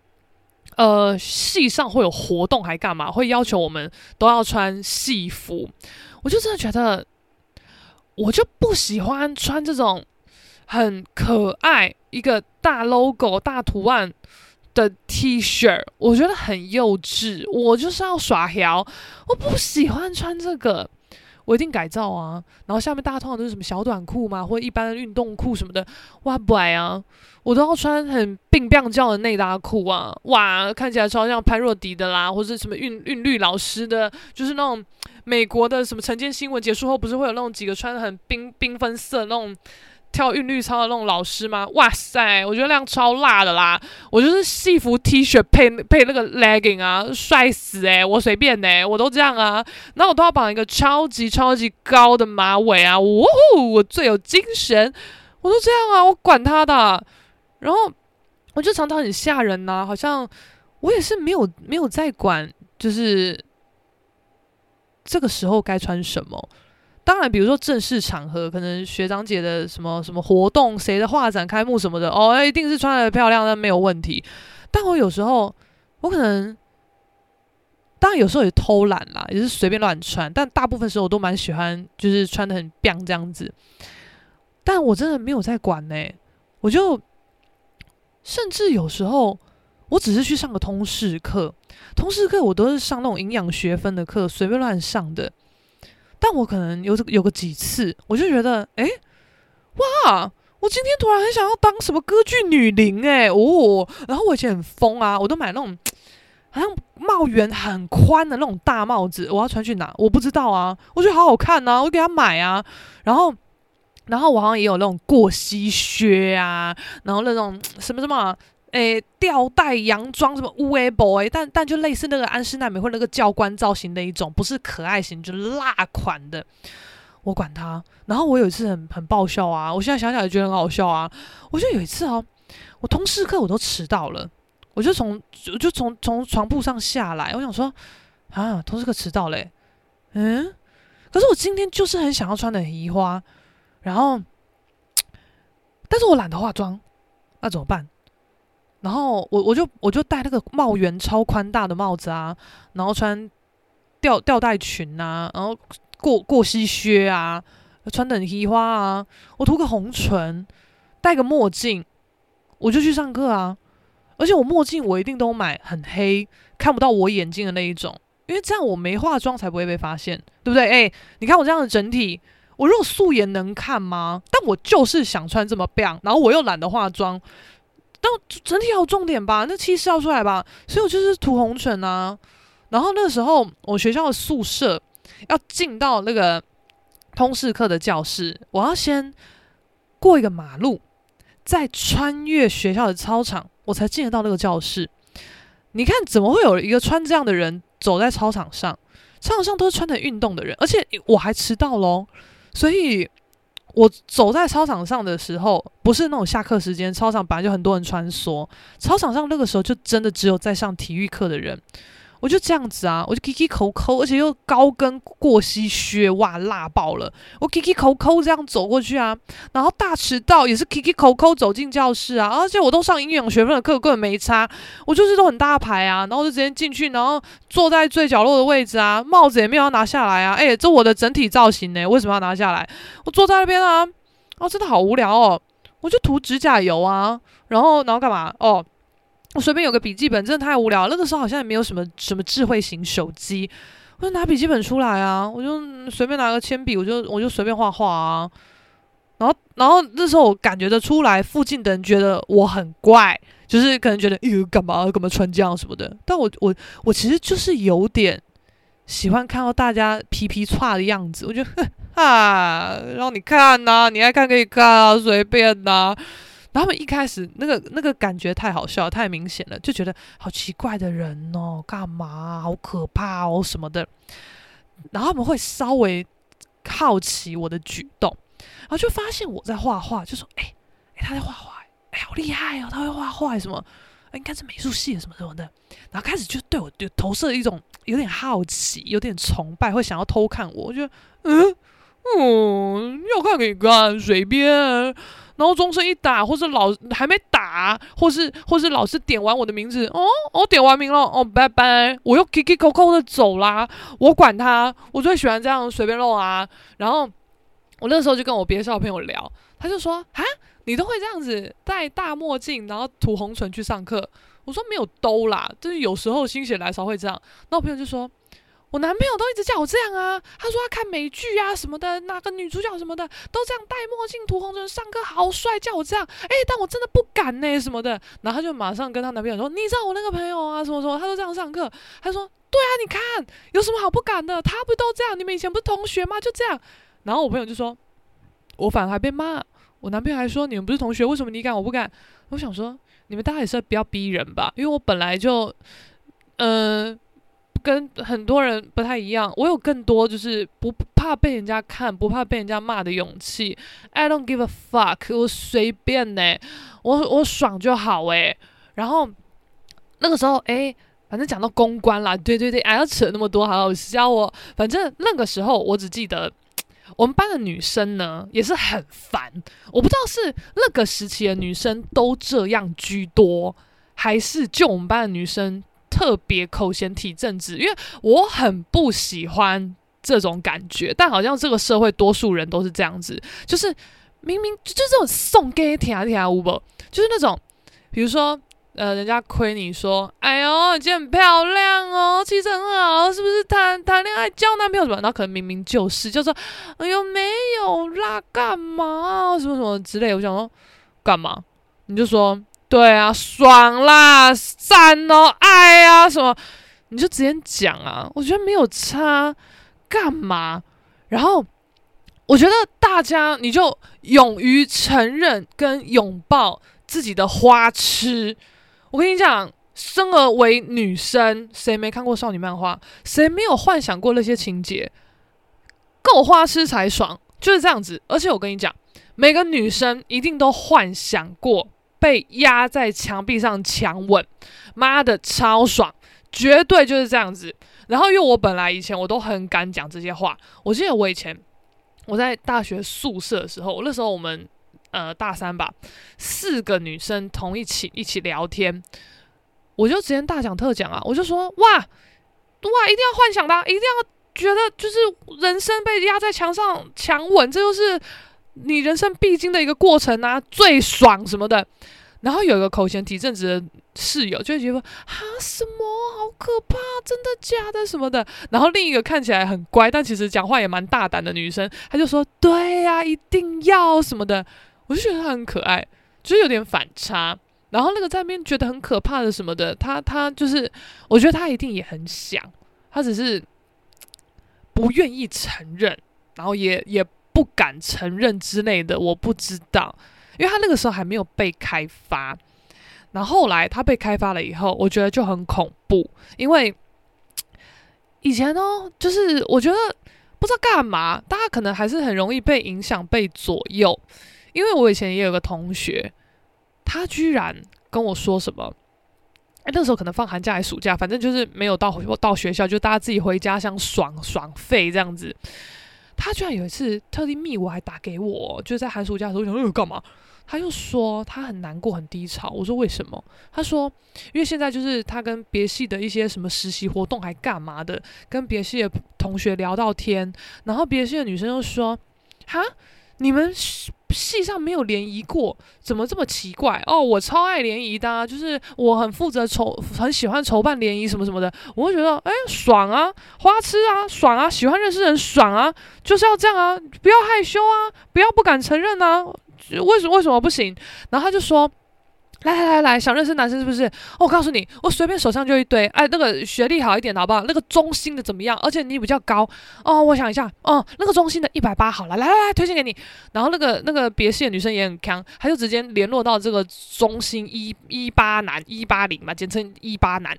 呃，系上會有活動還幹嘛，會要求我們都要穿系服。我就真的覺得，我就不喜歡穿這種很可愛、一個大 logo、大圖案的 T 恤，shirt, 我覺得很幼稚。我就是要耍屌，我不喜歡穿這個。我一定改造啊！然後下面大家通常都是什麼小短褲嘛，或者一般的運動褲什麼的，哇不矮啊！我都要穿很 bling bling 叫的內搭褲啊！哇，看起來超像潘若迪的啦，或者什麼韻韻律老師的，就是那種美國的什麼晨間新聞結束後不是會有那種幾個穿得很冰冰粉色那種，跳韻律操的那種老師嗎？哇塞，我覺得那樣超辣的啦！我就是戲服 T 恤配配那個 legging 啊，帥死誒、欸，我隨便誒、欸、我都這樣啊，然後我都要綁一個超級超級高的馬尾啊！哇呼，我最有精神！我都這樣啊，我管他的！然後我就常常很嚇人吶、啊，好像我也是沒有沒有在管，就是這個時候該穿什麼。當然，比如說正式場合，可能學長姐的什麼什麼活動，誰的畫展開幕什麼的，哦，一定是穿得漂亮，那沒有問題。但我有時候，我可能，當然有時候也偷懶啦，也是隨便亂穿。但大部分時候，我都蠻喜歡，就是穿得很棒這樣子。但我真的沒有在管呢、欸，我就甚至有時候，我只是去上個通識課，通識課我都是上那種營養學分的課，隨便亂上的。但我可能有這有個幾次，我就覺得，哎，哇！我今天突然很想要當什麼歌劇女伶哎、欸、哦，然後我以前很瘋啊，我都買那種好像帽檐很寬的那種大帽子，我要穿去哪？我不知道啊，我覺得好好看吶、啊，我給他買啊。然後，然後我好像也有那種過膝靴啊，然後那種什麼什麼。什麼誒、欸，吊帶洋裝什麼 U A b o 但但就類似那個安室奈美惠那個教官造型的一種，不是可愛型，就是辣款的。我管他。然後我有一次很很爆笑啊，我現在想想就覺得很好笑啊。我就有一次哦、喔，我通識課我都遲到了，我就從我就從從床鋪上下來，我想說啊，通識課遲到嘞、欸。嗯，可是我今天就是很想要穿的很花，然後，但是我懶得化妝，那怎麼辦？然後我我就我就戴那個帽檐超寬大的帽子啊，然後穿吊吊帶裙啊，然後過過膝靴啊，穿得很花啊，我塗個紅唇，戴個墨鏡，我就去上課啊。而且我墨鏡我一定都買很黑，看不到我眼睛的那一種，因為這樣我沒化妝才不會被發現，對不對？哎，你看我這樣的整體，我如果素顏能看嗎？但我就是想穿這麼亮，然後我又懶得化妝。但整體好重點吧，那氣勢要出來吧，所以我就是塗紅唇啊。然後那個時候，我學校的宿舍要進到那個通識課的教室，我要先過一個馬路，再穿越學校的操場，我才進得到那個教室。你看，怎麼會有一個穿這樣的人走在操場上？操場上都是穿的運動的人，而且我還遲到咯，所以。我走在操場上的時候，不是那種下課時間，操場本來就很多人穿梭，操場上那個時候就真的只有在上體育課的人。我就這樣子啊，我就 kiki 口口，而且又高跟過膝靴，哇，辣爆了！我 kiki 口口這樣走過去啊，然後大遲到也是 kiki 口口走進教室啊，啊，而且我都上營養學分的課，根本沒差，我就是都很大牌啊，然後就直接進去，然後坐在最角落的位置啊，帽子也沒有要拿下來啊，誒、欸、這我的整體造型呢、欸，為什麼要拿下來？我坐在那邊啊，然後、啊、真的好無聊哦，我就塗指甲油啊，然後然後幹嘛哦？我隨便有個筆記本，真的太無聊了。那個時候好像也沒有什麼什麼智慧型手機，我就拿筆記本出來啊，我就隨便拿個鉛筆，我就我就隨便畫畫啊。然後然後那時候我感覺得出來，附近的人覺得我很怪，就是可能覺得哎呦，幹、欸、嘛幹嘛穿這樣什麼的。但我我我其實就是有點喜歡看到大家皮皮剉的樣子，我就哼啊，讓你看吶、啊，你愛看可以看啊，隨便吶、啊。然後他們一開始那個那個感覺太好笑、太明顯了，就覺得好奇怪的人哦，幹嘛、啊？好可怕哦，什麼的。然後他們會稍微好奇我的舉動，然後就發現我在畫畫，就說：“誒、欸欸、他在畫畫，誒、欸、好厲害哦，他會畫畫什麼、欸？應該是美術系的什麼什麼的。”然後開始就對我就投射一種有點好奇、有點崇拜，會想要偷看我。我就嗯嗯，要看可以看，隨便。然後鐘聲一打，或是老還沒打，或是或是老師點完我的名字，哦我、哦、點完名了，哦拜拜，我又嘰嘰叩叩的走啦、啊，我管他，我最喜歡這樣隨便嘍啊。然後我那時候就跟我別的小朋友聊，他就說啊，你都會這樣子戴大墨鏡，然後塗紅唇去上課？我說沒有兜啦，就是有時候心血來潮會這樣。那我朋友就說。我男朋友都一直叫我這樣啊，他說他看美劇啊什麼的，哪個女主角什麼的都這樣戴墨鏡塗紅唇上課好帥，叫我這樣。哎，但我真的不敢呢，什麼的。然後他就馬上跟他男朋友說：“你知道我那個朋友啊，什麼什麼，他都這樣上課。”他說：“對啊，你看有什麼好不敢的？他不都這樣？你們以前不是同學嗎？就這樣。”然後我朋友就說：“我反而還被罵，我男朋友還說你們不是同學，為什麼你敢我不敢？”我想說，你們大家也是比較逼人吧，因為我本來就，嗯、呃。跟很多人不太一樣，我有更多就是不怕被人家看，不怕被人家罵的勇氣。I don't give a fuck，我隨便呢、欸，我我爽就好誒、欸。然後那個時候哎，反正講到公關啦，對對對，哎、啊、要扯那麼多，好好笑哦。反正那個時候我只記得，我們班的女生呢也是很煩，我不知道是那個時期的女生都這樣居多，還是就我們班的女生。特別口嫌體正直，因為我很不喜歡這種感覺，但好像這個社會多數人都是這樣子，就是明明就是這種送給你啊，你啊，就是那種，比如說，呃，人家虧你說，哎呦，你今天很漂亮哦，氣質很好，是不是？談談戀愛交男朋友什麼？那可能明明就是，就說、是，哎呦，沒有啦，幹嘛？什麼什麼之類，我想說，幹嘛？你就說。對啊，爽啦，讚哦，愛啊，什麼？你就直接講啊，我覺得沒有差，幹嘛？然後我覺得大家你就勇於承認跟擁抱自己的花痴。我跟你講，生而為女生，誰沒看過少女漫畫？誰沒有幻想過那些情節？夠花痴才爽，就是這樣子。而且我跟你講，每個女生一定都幻想過。被壓在牆壁上強吻，媽的超爽，絕對就是這樣子。然後，因為我本來以前我都很敢講這些話，我記得我以前我在大學宿舍的時候，那時候我們呃大三吧，四個女生同一起一起聊天，我就直接大講特講啊，我就說哇哇一定要幻想的啊，一定要覺得就是人生被壓在牆上強吻，這就是你人生必經的一個過程啊，最爽什麼的。然後有一個口嫌體正直的室友，就會覺得啊什麼好可怕，真的假的什麼的。然後另一個看起來很乖，但其實講話也蠻大膽的女生，她就說對呀、啊，一定要什麼的。我就覺得她很可愛，就是有點反差。然後那個在那邊覺得很可怕的什麼的，她她就是，我覺得她一定也很想，她只是不願意承認，然後也也不敢承認之類的，我不知道。因為他那個時候還沒有被開發，然後來他被開發了以後，我覺得就很恐怖。因為以前哦，就是我覺得不知道幹嘛，大家可能還是很容易被影響被左右。因為我以前也有個同學，他居然跟我說什麼，哎，那時候可能放寒假還暑假，反正就是沒有到到學校，就大家自己回家鄉爽爽廢這樣子。他居然有一次特地密我，還打給我，就在寒暑假的時候，我想，哎、呃、有幹嘛？他又說他很難過，很低潮，我說為什麼？他說因為現在就是他跟別系的一些什麼實習活動還幹嘛的，跟別系的同學聊到天，然後別系的女生又說哈，你們系上沒有聯誼過，怎麼這麼奇怪？哦，我超愛聯誼的，啊。就是我很負責籌，很喜歡籌辦聯誼什麼什麼的，我會覺得哎、欸、爽啊，花痴啊，爽啊，喜歡認識人爽啊，就是要這樣啊，不要害羞啊，不要不敢承認啊。為什麼為什麼不行？然後他就說：“來來來來，想認識男生是不是？哦，我告訴你，我隨便手上就一堆。哎，那個學歷好一點的，好不好？那個中心的怎麼樣？而且你比較高哦，我想一下，哦，那個中心的一百八好了，來來來，推薦給你。然後那個那個別系的女生也很強，他就直接聯絡到這個中心一一八男一八零嘛，簡稱一八男。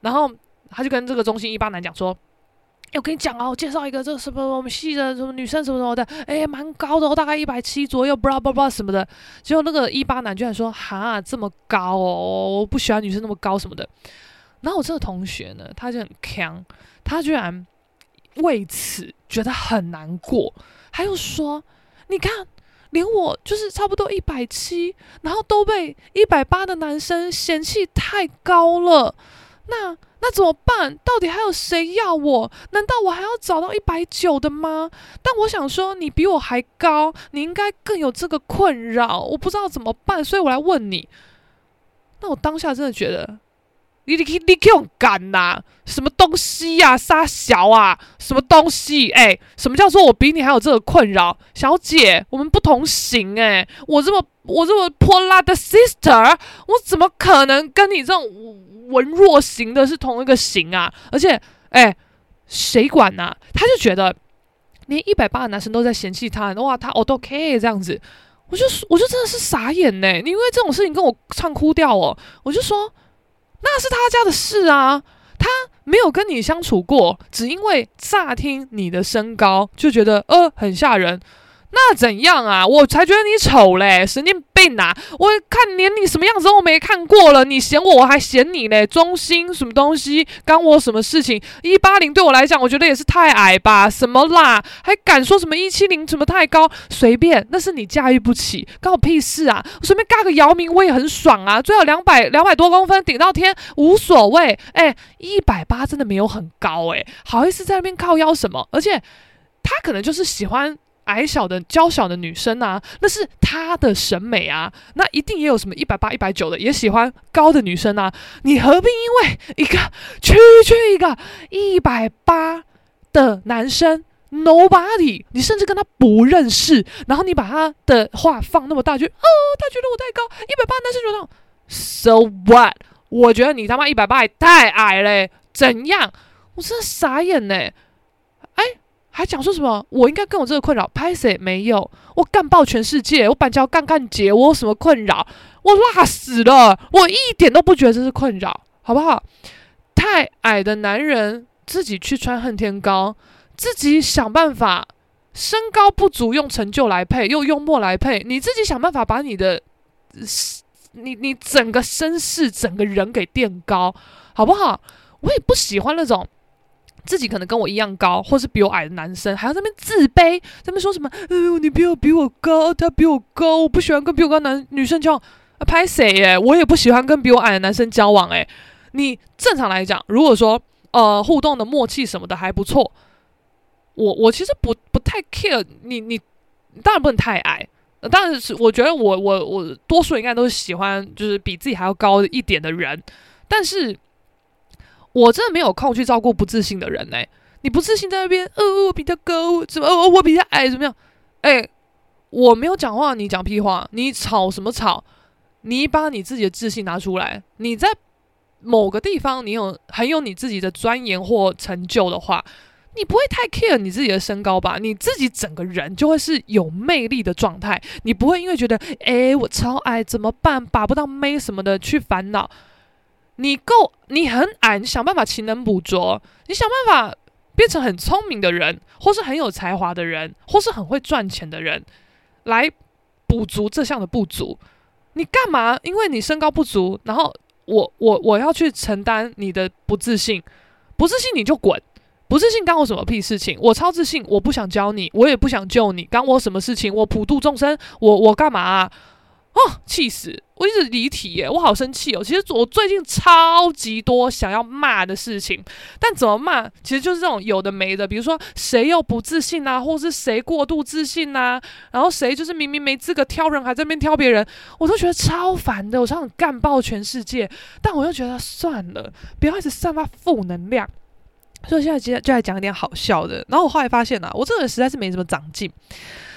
然後他就跟這個中心一八男講說。”欸、我跟你講哦、啊，我介紹一個，這個什麼我們系的什麼女生什麼什麼的，哎、欸，蠻高的、哦，大概一百七左右，不知道不知道什麼的。結果那個一八男居然說：“哈，這麼高哦，我不喜歡女生那麼高什麼的。”然後我這個同學呢，他就很強，他居然為此覺得很難過，還有說：“你看，連我就是差不多一百七，然後都被一百八的男生嫌棄太高了。”那那怎麼辦？到底還有誰要我？難道我還要找到一百九的嗎？但我想說，你比我還高，你應該更有這個困擾。我不知道怎麼辦，所以我來問你。那我當下真的覺得。你你你敢吶、啊？什麼東西呀、啊，殺小啊？什麼東西？哎、欸，什麼叫做我比你還有這個困擾？小姐，我們不同型哎、欸！我這麼我這麼潑辣的 sister，我怎麼可能跟你這種文弱型的是同一個型啊？而且，哎、欸，誰管吶、啊？他就覺得連一百八的男生都在嫌棄他，哇，他我都可以這樣子。我就我就真的是傻眼呢、欸！你因為這種事情跟我唱哭掉哦！我就說。那是他家的事啊，他沒有跟你相處過，只因為乍聽你的身高就覺得呃很嚇人。那怎樣啊？我才覺得你醜嘞，神經病吶、啊！我看連你什麼樣子都沒看過了，你嫌我，我還嫌你嘞，中心什麼東西？干我什麼事情？一八零對我來講，我覺得也是太矮吧？什麼啦？還敢說什麼一七零什麼太高？隨便，那是你駕馭不起，關我屁事啊！我隨便尬個姚明，我也很爽啊！最好兩百兩百多公分頂到天，無所謂。誒、欸，一百八真的沒有很高誒、欸。好意思在那邊靠腰什麼？而且他可能就是喜歡。矮小的，嬌小的女生啊，那是她的審美啊，那一定也有什麼一百八、一百九的也喜歡高的女生啊。你何必因為一個區區一個一百八的男生，Nobody，你甚至跟他不認識，然後你把他的話放那麼大句，哦，他覺得我太高，一百八男生就講，So what？我覺得你他媽一百八也太矮嘞，怎樣？我真的傻眼呢、欸。還講說什麼？我應該更有這個困擾？拍誰沒有？我干爆全世界！我板橋干干姐，我有什麼困擾？我辣死了！我一點都不覺得這是困擾，好不好？太矮的男人自己去穿恨天高，自己想辦法。身高不足用成就來配，用幽默來配，你自己想辦法把你的，你你整個身世、整個人給墊高，好不好？我也不喜歡那種。自己可能跟我一樣高，或是比我矮的男生，還要在那邊自卑，在那邊說什麼？哎、呃、呦，你比我比我高，他比我高，我不喜歡跟比我高男女生交往，拍誰哎？我也不喜歡跟比我矮的男生交往哎。你正常來講，如果說呃，互動的默契什麼的還不錯，我我其實不不太 care 你。你你當然不能太矮，呃、當然是我覺得我我我多數應該都是喜歡就是比自己還要高一點的人，但是。我真的沒有空去照顧不自信的人誒、欸，你不自信在那邊，呃、哦，我比他高，怎麼，我、哦、我比他矮，怎麼樣？誒、欸，我沒有講話，你講屁話，你吵什麼吵？你把你自己的自信拿出來，你在某個地方你有很有你自己的鑽研或成就的話，你不會太 care 你自己的身高吧？你自己整個人就會是有魅力的狀態，你不會因為覺得，誒、欸，我超矮怎麼辦，把不到妹什麼的去煩惱。你夠，你很矮，你想辦法勤能補拙，你想辦法變成很聰明的人，或是很有才華的人，或是很會賺錢的人，來補足這項的不足。你幹嘛？因為你身高不足，然後我我我要去承擔你的不自信，不自信你就滾，不自信幹我什麼屁事情？我超自信，我不想教你，我也不想救你，幹我什麼事情？我普度眾生，我我幹嘛啊？哦，氣死！我一直離題耶，我好生氣哦、喔。其實我最近超級多想要罵的事情，但怎麼罵，其實就是這種有的沒的，比如說誰又不自信啊，或是誰過度自信啊，然後誰就是明明沒資格挑人，還在那邊挑別人，我都覺得超煩的。我超想幹爆全世界，但我又覺得算了，不要一直散發負能量。所以我現在直接就來講一點好笑的。然後我後來發現啊，我這個人實在是沒什麼長進。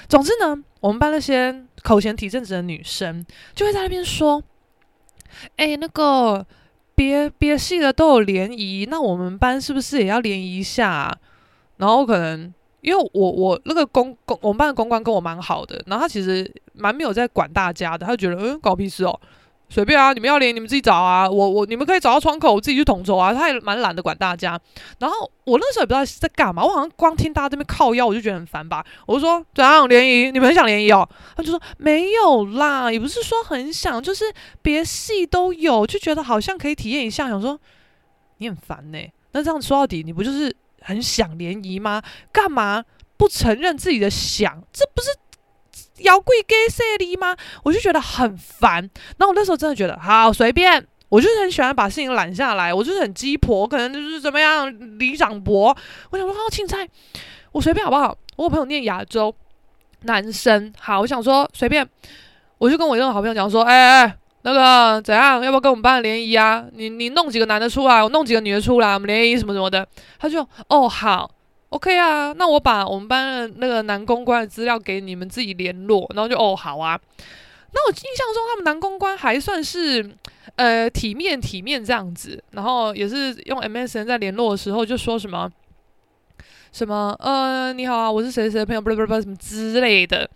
總之呢，我們班那些口嫌體正直的女生就會在那邊說：“哎、欸，那個別別系的都有聯誼，那我們班是不是也要聯誼一下、啊？”然後可能因為我我那個公公我們班的公關跟我蠻好的，然後他其實蠻沒有在管大家的，他就覺得嗯搞屁事哦。隨便啊，你們要聯你們自己找啊，我我你們可以找到窗口，我自己去統籌啊。他也蠻懶得管大家。然後我那時候也不知道在幹嘛，我好像光聽大家這邊靠腰，我就覺得很煩吧。我就說：怎樣聯誼？你們很想聯誼哦？他就說：沒有啦，也不是說很想，就是別系，都有，就覺得好像可以體驗一下。想說你很煩呢、欸，那這樣說，到底你不就是很想聯誼嗎？幹嘛不承認自己的想？這不是？要跪給誰的嗎？我就覺得很煩。那我那時候真的覺得好隨便，我就是很喜歡把事情攬下來，我就是很雞婆，我可能就是怎麼樣里長伯。我想說，哦，青菜，我隨便好不好？我朋友念亞洲男生，好，我想說隨便，我就跟我一個好朋友講說，哎、欸、哎、欸，那個怎樣，要不要跟我們班聯誼啊？你你弄幾個男的出來，我弄幾個女的出來，我們聯誼什麼什麼的。他就哦好。OK 啊，那我把我們班的那個男公關的資料給你們自己聯絡，然後就哦好啊。那我印象中他們男公關還算是呃體面體面這樣子，然後也是用 MSN 在聯絡的時候就說什麼什麼呃你好啊，我是誰誰的朋友，不不不什麼之類的。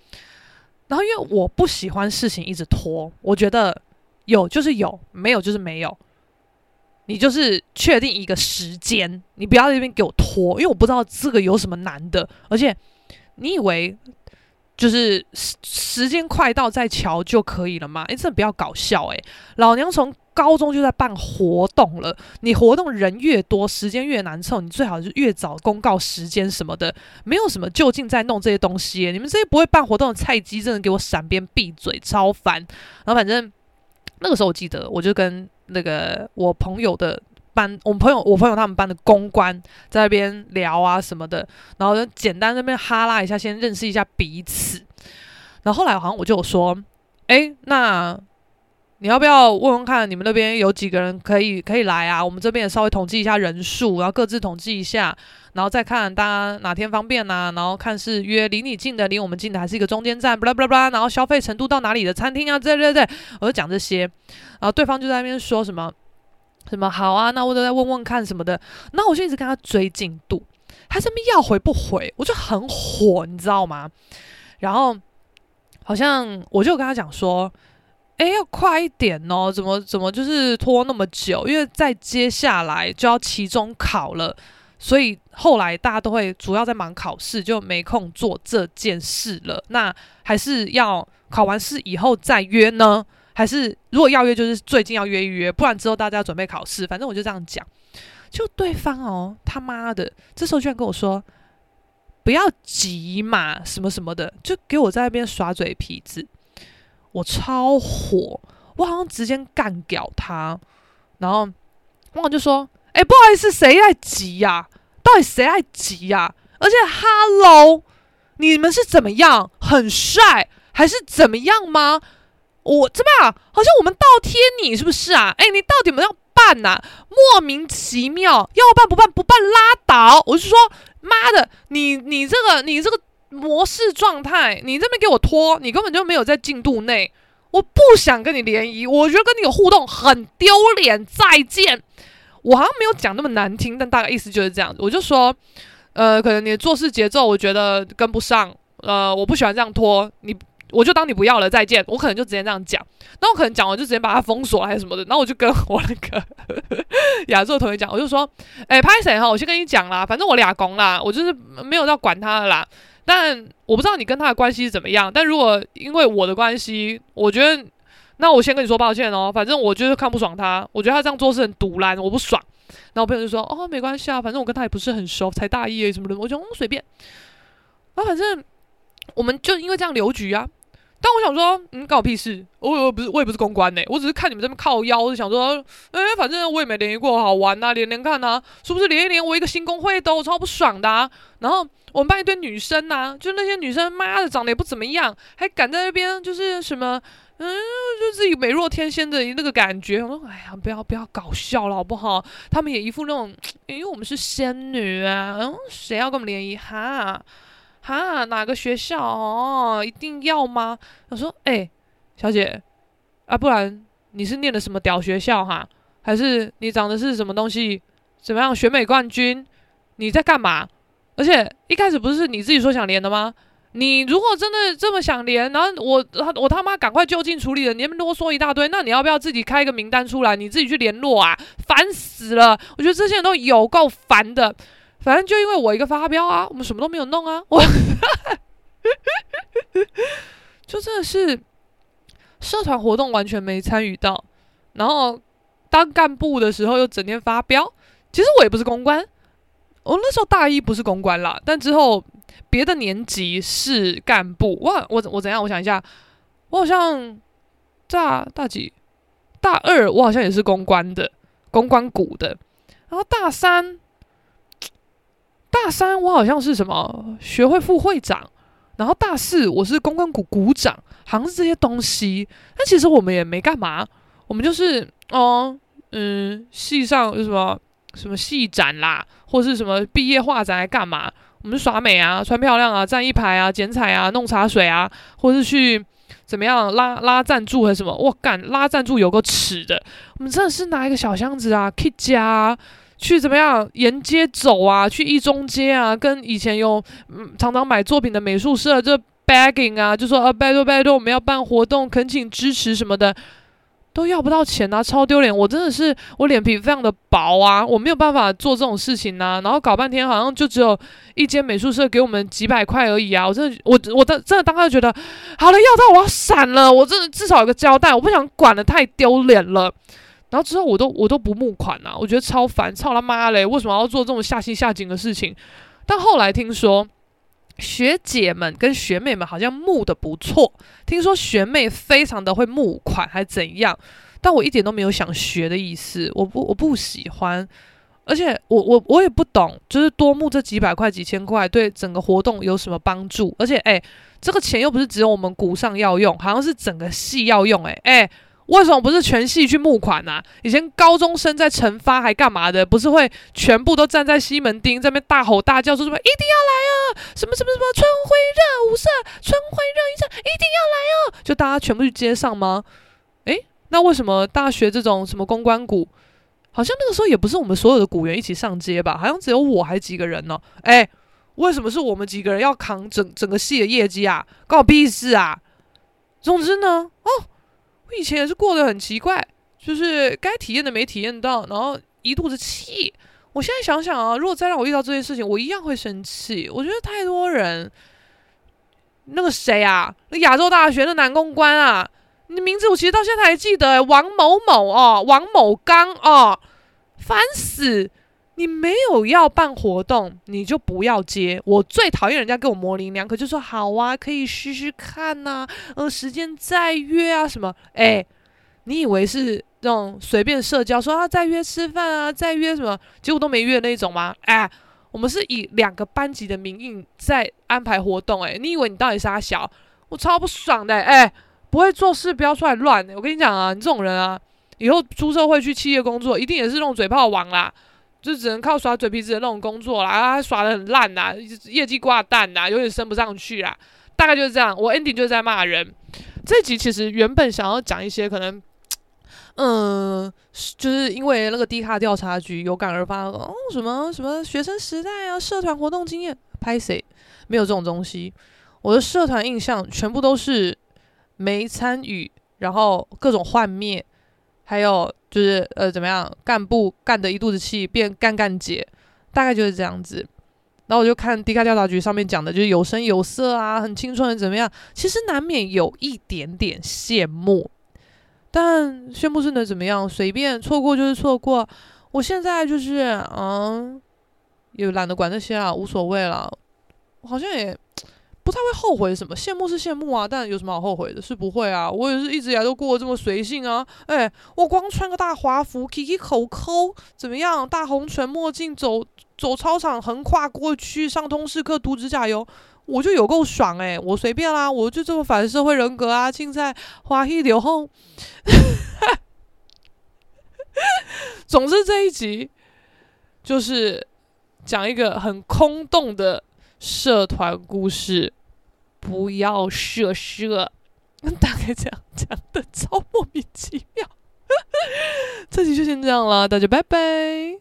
然後因為我不喜歡事情一直拖，我覺得有就是有，沒有就是沒有。你就是確定一個時間，你不要在這邊給我拖，因為我不知道這個有什麼難的。而且你以為就是時間快到再瞧就可以了嗎？誒，這不要搞笑誒、欸，老娘從高中就在辦活動了，你活動人越多，時間越難湊，你最好是越早公告時間什麼的。沒有什麼就近在弄這些東西、欸，你們這些不會辦活動的菜雞，真的給我閃邊閉嘴，超煩。然後反正。那個時候我記得，我就跟那個我朋友的班，我們朋友，我朋友他們班的公關在那邊聊啊什麼的，然後就簡單那邊哈拉一下，先認識一下彼此。然後後來好像我就說：“哎，那。”你要不要問問看，你們那邊有幾個人可以可以來啊？我們這邊也稍微統計一下人數，然後各自統計一下，然後再看大家哪天方便啊，然後看是約離你近的、離我們近的，還是一個中間站，布拉布拉布拉，然後消費程度到哪裡的餐廳啊？對，對對對，我就講這些，然後對方就在那邊說什麼什麼好啊，那我就在問問看什麼的，然後我就一直跟他追進度，他這邊要回不回，我就很火，你知道嗎？然後好像我就跟他講說。哎，要快一點哦！怎麼怎麼就是拖那麼久？因為在接下來就要期中考了，所以後來大家都會主要在忙考試，就沒空做這件事了。那還是要考完試以後再約呢？還是如果要約，就是最近要約一約，不然之後大家要準備考試。反正我就這樣講。就對方哦，他媽的，這時候居然跟我說不要急嘛，什麼什麼的，就給我在那邊耍嘴皮子。我超火，我好像直接幹掉他，然後旺旺就說：“哎，不好意思，誰在急呀？到底誰在急呀？而且，Hello，你們是怎麼樣？很帥還是怎麼樣嗎？我這樣好像我們倒貼你，是不是啊？哎，你到底有沒有辦吶？莫名其妙，要辦不辦不辦拉倒！我就說，媽的，你你這個你這個。這個”模式狀態，你這邊給我拖，你根本就沒有在進度內。我不想跟你聯誼，我覺得跟你有互動很丟臉。再見。我好像沒有講那麼難聽，但大概意思就是這樣子。我就說，呃，可能你的做事節奏我覺得跟不上，呃，我不喜歡這樣拖你，我就當你不要了，再見。我可能就直接這樣講，那我可能講我就直接把它封鎖還是什麼的。然後我就跟我那個亞 洲的同學講，我就說，誒、欸，拍謝哈，我先跟你講啦，反正我倆工啦，我就是沒有要管他了啦。但我不知道你跟他的關係是怎麼樣。但如果因為我的關係，我覺得那我先跟你說抱歉哦。反正我就是看不爽他，我覺得他這樣做是很賭爛，我不爽。然後我朋友就說：“哦，沒關係啊，反正我跟他也不是很熟，才大一、欸、什麼的，我覺得、嗯、隨便。啊”那反正我們就因為這樣留局啊。但我想說，嗯，關我屁事？我、哦、我不是我也不是公關呢、欸，我只是看你們這麼靠腰，我就想說，哎、欸，反正我也沒聯繫過，好玩啊，連連看啊，是不是連一連？我一個新公會都超不爽的。啊？」然後。我們班一堆女生吶、啊，就那些女生，媽的長得也不怎麼樣，還敢在那邊就是什麼，嗯，就自己美若天仙的那個感覺。我說，哎呀，不要不要搞笑了好不好？她們也一副那種，因為我們是仙女啊，然後，誰要跟我們聯誼？哈，哈，哪個學校哦？一定要嗎？我說，誒、哎，小姐，啊，不然你是念的什麼屌學校哈？還是你長得是什麼東西？怎麼樣，選美冠軍？你在幹嘛？而且一開始不是你自己說想連的嗎？你如果真的這麼想連，然後我他我他媽趕快就近處理了，你在那邊囉嗦一大堆，那你要不要自己開一個名單出來，你自己去聯絡啊？煩死了！我覺得這些人都有夠煩的。反正就因為我一個發飆啊，我們什麼都沒有弄啊，我， 就真的是社團活動完全沒參與到，然後當幹部的時候又整天發飆，其實我也不是公關。我那時候大一不是公關啦，但之後別的年級是幹部。哇，我我怎樣？我想一下，我好像大大幾？大二我好像也是公關的，公關股的。然後大三，大三我好像是什麼學會副會長。然後大四我是公關股股長，好像是這些東西。但其實我們也沒幹嘛，我們就是哦嗯，系上有什麼。什麼系展啦，或是什麼畢業畫展還幹嘛？我們耍美啊，穿漂亮啊，站一排啊，剪彩啊，弄茶水啊，或是去怎麼樣拉拉贊助還是什麼？哇，幹拉贊助有個尺的，我們真的是拿一個小箱子啊，去夾、啊，去怎麼樣沿街走啊，去一中街啊，跟以前有、嗯、常常買作品的美術社就 begging 啊，就說啊拜托拜托我們要辦活動，懇請支持什麼的。都要不到錢啊，超丟臉！我真的是我臉皮非常的薄啊，我沒有辦法做這種事情啊。然後搞半天，好像就只有一間美術社給我們幾百塊而已啊！我真的，我我的真的當時覺得，好了，要到我要閃了，我真的至少有個交代，我不想管了，太丟臉了。然後之後我都我都不募款了啊，我覺得超煩，操他媽嘞，為什麼要做這種下心下井的事情？但後來聽說。學姐們跟學妹們好像募得不錯聽說學妹非常的會募款還怎樣，但我一點都沒有想學的意思，我不我不喜歡，而且我我我也不懂，就是多募這幾百塊幾千塊對整個活動有什麼幫助？而且誒、欸，這個錢又不是只有我們股上要用，好像是整個系要用、欸，誒、欸、誒。為什麼不是全系去募款呢、啊？以前高中生在成發還幹嘛的？不是會全部都站在西門町這邊大吼大叫，說什麼一定要來哦、啊，什麼什麼什麼春暉熱舞社，春暉熱音社，一定要來哦、啊！就大家全部去街上嗎？誒、欸，那為什麼大學這種什麼公關股，好像那個時候也不是我們所有的股員一起上街吧？好像只有我還幾個人呢、喔。誒、欸，為什麼是我們幾個人要扛整整個系的業績啊？關我屁事啊？總之呢，哦。我以前也是過得很奇怪，就是該體驗的沒體驗到，然後一肚子氣。我現在想想啊，如果再讓我遇到這些事情，我一樣會生氣。我覺得太多人，那個誰啊，那亞洲大學那男公關啊，你的名字我其實到現在還記得，欸，王某某哦，王某剛哦，煩死。你沒有要辦活動，你就不要接。我最討厭人家跟我模稜兩可，就說好啊，可以試試看吶、啊，呃，時間再約啊什麼？誒、欸？你以為是那種隨便社交，說啊再約吃飯啊，再約什麼，結果都沒約那一種嗎？哎、欸，我們是以兩個班級的名義在安排活動、欸，誒，你以為你到底是啥小，我超不爽的、欸，誒、欸，不會做事不要出來亂、欸。我跟你講啊，你這種人啊，以後出社會去企業工作，一定也是那種嘴炮王啦。就只能靠耍嘴皮子的那種工作啦，然後耍的很爛吶，業績掛蛋吶，有點升不上去啊。大概就是這樣。我 ending 就是在罵人。這集其實原本想要講一些可能，嗯是，就是因為那個 D 卡調查局有感而發，哦，什麼什麼學生時代啊，社團活動經驗，拍謝，沒有這種東西？我的社團印象全部都是沒參與，然後各種幻滅，還有。就是呃怎麼樣，幹部幹得一肚子氣變幹幹姐，大概就是這樣子。然後我就看《Dcard 調查局》上面講的，就是有聲有色啊，很青春的，怎麼樣？其實難免有一點點羨慕，但羨慕是能怎麼樣？隨便錯過就是錯過。我現在就是嗯，也懶得管那些啊，無所謂了。我好像也。不太會後悔什麼，羨慕是羨慕啊，但有什麼好後悔的？是不會啊，我也是一直以來都過得這麼隨性啊。哎、欸，我光穿個大華服 Kitty 口扣怎麼樣？大紅唇墨鏡，走走操場，橫跨過去上通識課，塗指甲油，我就有夠爽哎、欸！我隨便啦，我就這麼反社會人格啊，青菜花藝流紅。 總之這一集就是講一個很空洞的社團故事。不要社社，大概這樣講的超莫名其妙。這期就先這樣了，大家拜拜。